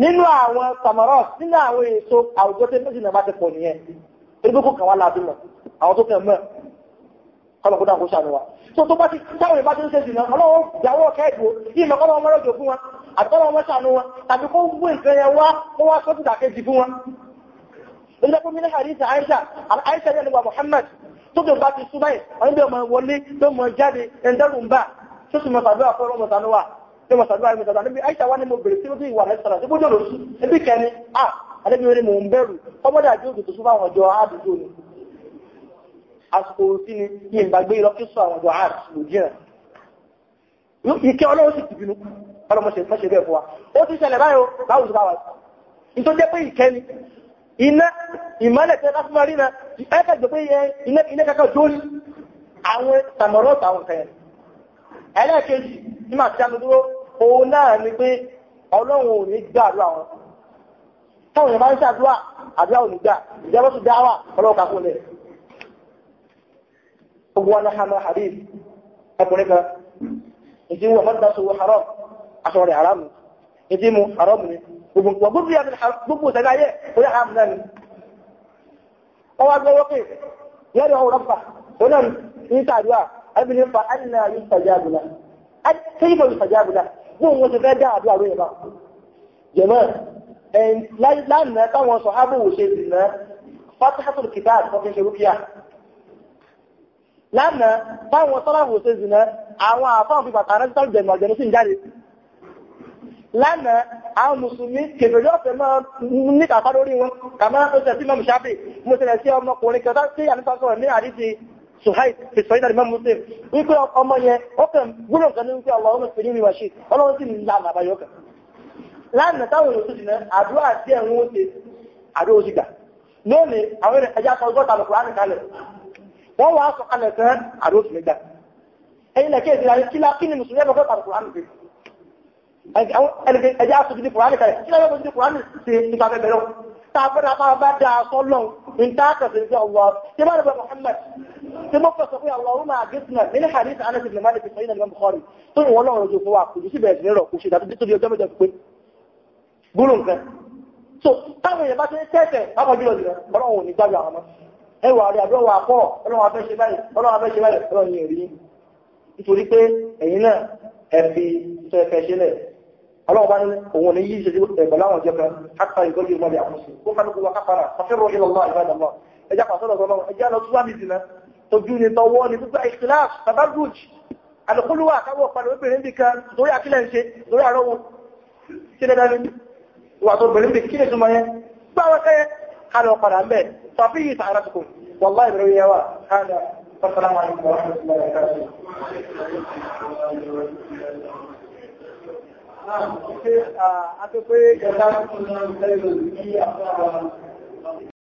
nínú àwọn samaros nínú àwọn èso àwùjọ tó méjì náà bá ti pọ̀ nìyẹn erégbé kò kàn wá láàbí mọ̀ àwọn tó kàn mọ̀ kọ́nà kó dáa kó ṣàánú wa tó tó bá ti táwọn ìbá tó ń ṣe jìnnà ọlọ́wọ́ ìyàwó ọ̀kẹ́ ìdúró yìí lọ kọ́nà ọmọ rẹ̀ fún wọn àtọ́nà ọmọ ṣàánú wọn tàbí kó wú nǹkan yẹn wá kó wá sọ́tù dàkejì fún wọn. ìjọba fún mi ní àdìsí àìsà àìsà yẹn nígbà Muhammad tó kè bá ti súnmọ́ ẹ̀ ọ̀nà bí ọmọ wọlé tó mọ jáde ẹ̀ńdẹ́rùn-ún bá tó sì mọ̀ sàdúrà fún ọmọ sànúwà e mo sàdúrà mi sàdúrà níbi àìsàn wani mo bèrè tí ó ti ìwà kẹni ọmọdé àdúgbò ni àsìkò ni yìí gbé lọ kí sọ àwọn àdúgbò sì ti bínú ọlọ́mọṣẹ́ mọ́ṣẹ́ bẹ́ẹ̀ fún wa ó ti ṣẹlẹ̀ báyìí báwo ti bá wa nítorí jẹ́ pé ìkẹ́ ni iná ìmọ́lẹ̀ tẹ́ bá rí òun náà ni pé ọlọ́run ò ní gbà àdúrà wọn táwọn èèyàn bá ń ṣàdúrà àdúrà ò ní gbà ìjọba tó dá wà ọlọ́run kà fún lẹ̀ gbogbo wọn hàn náà hadith ọkùnrin kan ìdí wọn mọ́tò náà sọ̀rọ̀ haram aṣọ rẹ̀ haram ìdí mu haram ni gbogbo gbogbo yàtọ̀ gbogbo ìṣẹ̀lẹ̀ ayé orí haram náà ni wọ́n wá gbọ́ wọ́pẹ́ yẹ́rì ọ̀hún rọ́pà òun náà ń ṣàdúrà ẹbí ní fa ẹ̀ náà yóò ṣàjáàbù náà ẹ̀ kéyìí kò yóò ṣàjáàbù náà bóun wọ́n ti fẹ́ dá àdúrà lóyìn bá jẹ̀mọ́ lánàá táwọn sọ ábòwò ṣe sì náà fatihatul kitab àti ọkùnrin ṣe rúkìá lánàá táwọn sọ́láwò ṣe sì náà àwọn àfáwọn fi bàtà rẹ́sítọ́ jẹ̀mọ̀ jẹ̀mọ̀ sí ń jáde lánàá àwọn mùsùlùmí kèfèrè ọ̀fẹ́ máa ní kàfá lórí wọn kàmá ó ṣe sí mọ́mù ṣáfì mo ṣẹlẹ̀ sí ọmọkùnrin kan tá sí àníkàsọ̀rọ̀ ní àdíjì suhaib fi sọ ìdàrí mẹ́mú sí wípé ọmọ yẹn ó kàn gbúrò kan ní wípé ọlọ́run fi ní ìwà ṣe ọlọ́run sì ń la àbá yọkà lánàá táwọn èrò tó sì náà àdúrà sí ẹ̀rùn ó ṣe àdó ó sì gbà lónìí àwọn èrè ẹja sọ ọgọ́ta lọ kùránì kalẹ̀ wọ́n wá sọ kalẹ̀ kan àdó ó sì gbà ẹ̀yin lẹ́kẹ́ ìdíra ní kílá kí ni mùsùlùmí ẹ̀rọ kọ́ta kùránì fi ẹja sọ ti kalẹ̀ kílá yóò tàbíra máa bá dáa sọ́lọ́n in táàkà sí sí ọlọ́ tí bá rẹ̀ Muhammad tí mọ́ fẹ́ sọ pé Allahumma àgbésìnà nínú hadith Anas ibn Malik sọ yìí Bukhari tó ìwọ́n lọ́rọ̀ ojú fún wa kò sí bẹ̀rẹ̀ nírọ̀ kò ṣe dàbí nítorí ọjọ́ mẹ́jọ pé gúrù nǹkan so táwọn èèyàn bá ti ń tẹ́tẹ̀ pápá jùlọ jùlọ ọlọ́run ò ní gbàgbé àwọn ọmọ ẹwà rẹ̀ àbí ọwà pọ̀ ọlọ́run afẹ́ ṣe báyìí ọlọ́run ọlọ́ọ̀bá ní òun ní yíṣe pẹ̀lú àwọn ìjọba kápá ìgọ́jú ìmọ̀lẹ̀ àkúnṣe ó kálukú wa kápára fàfẹ́rọ̀ ìlọ́lọ́ ìbádàmọ́ ẹjá pàṣọ́lọ̀ ọlọ́run ẹjá lọ túbá mi dìna tójú ni tọwọ́ ni gbogbo ìkìláàsì tabaguj alùkúlùwà káwọ̀ padà obìnrin bì kan lórí àkílẹ̀ ń ṣe lórí àrọ́wọ́ kí lẹ́dá ní wà tó obìnrin bì kí lè túmọ̀ yẹn gbá wọn kẹ́yẹ kálọ̀ padà ń bẹ̀ tọ́fí yìí sàárà tukùn wàlá ìbẹ̀rẹ̀ yẹn wà kálọ̀ pàṣọ́lá wà ní kọ̀ọ̀rọ̀ àti ah, pé ẹ̀dá tuntun náà lẹ́yìn òní àpá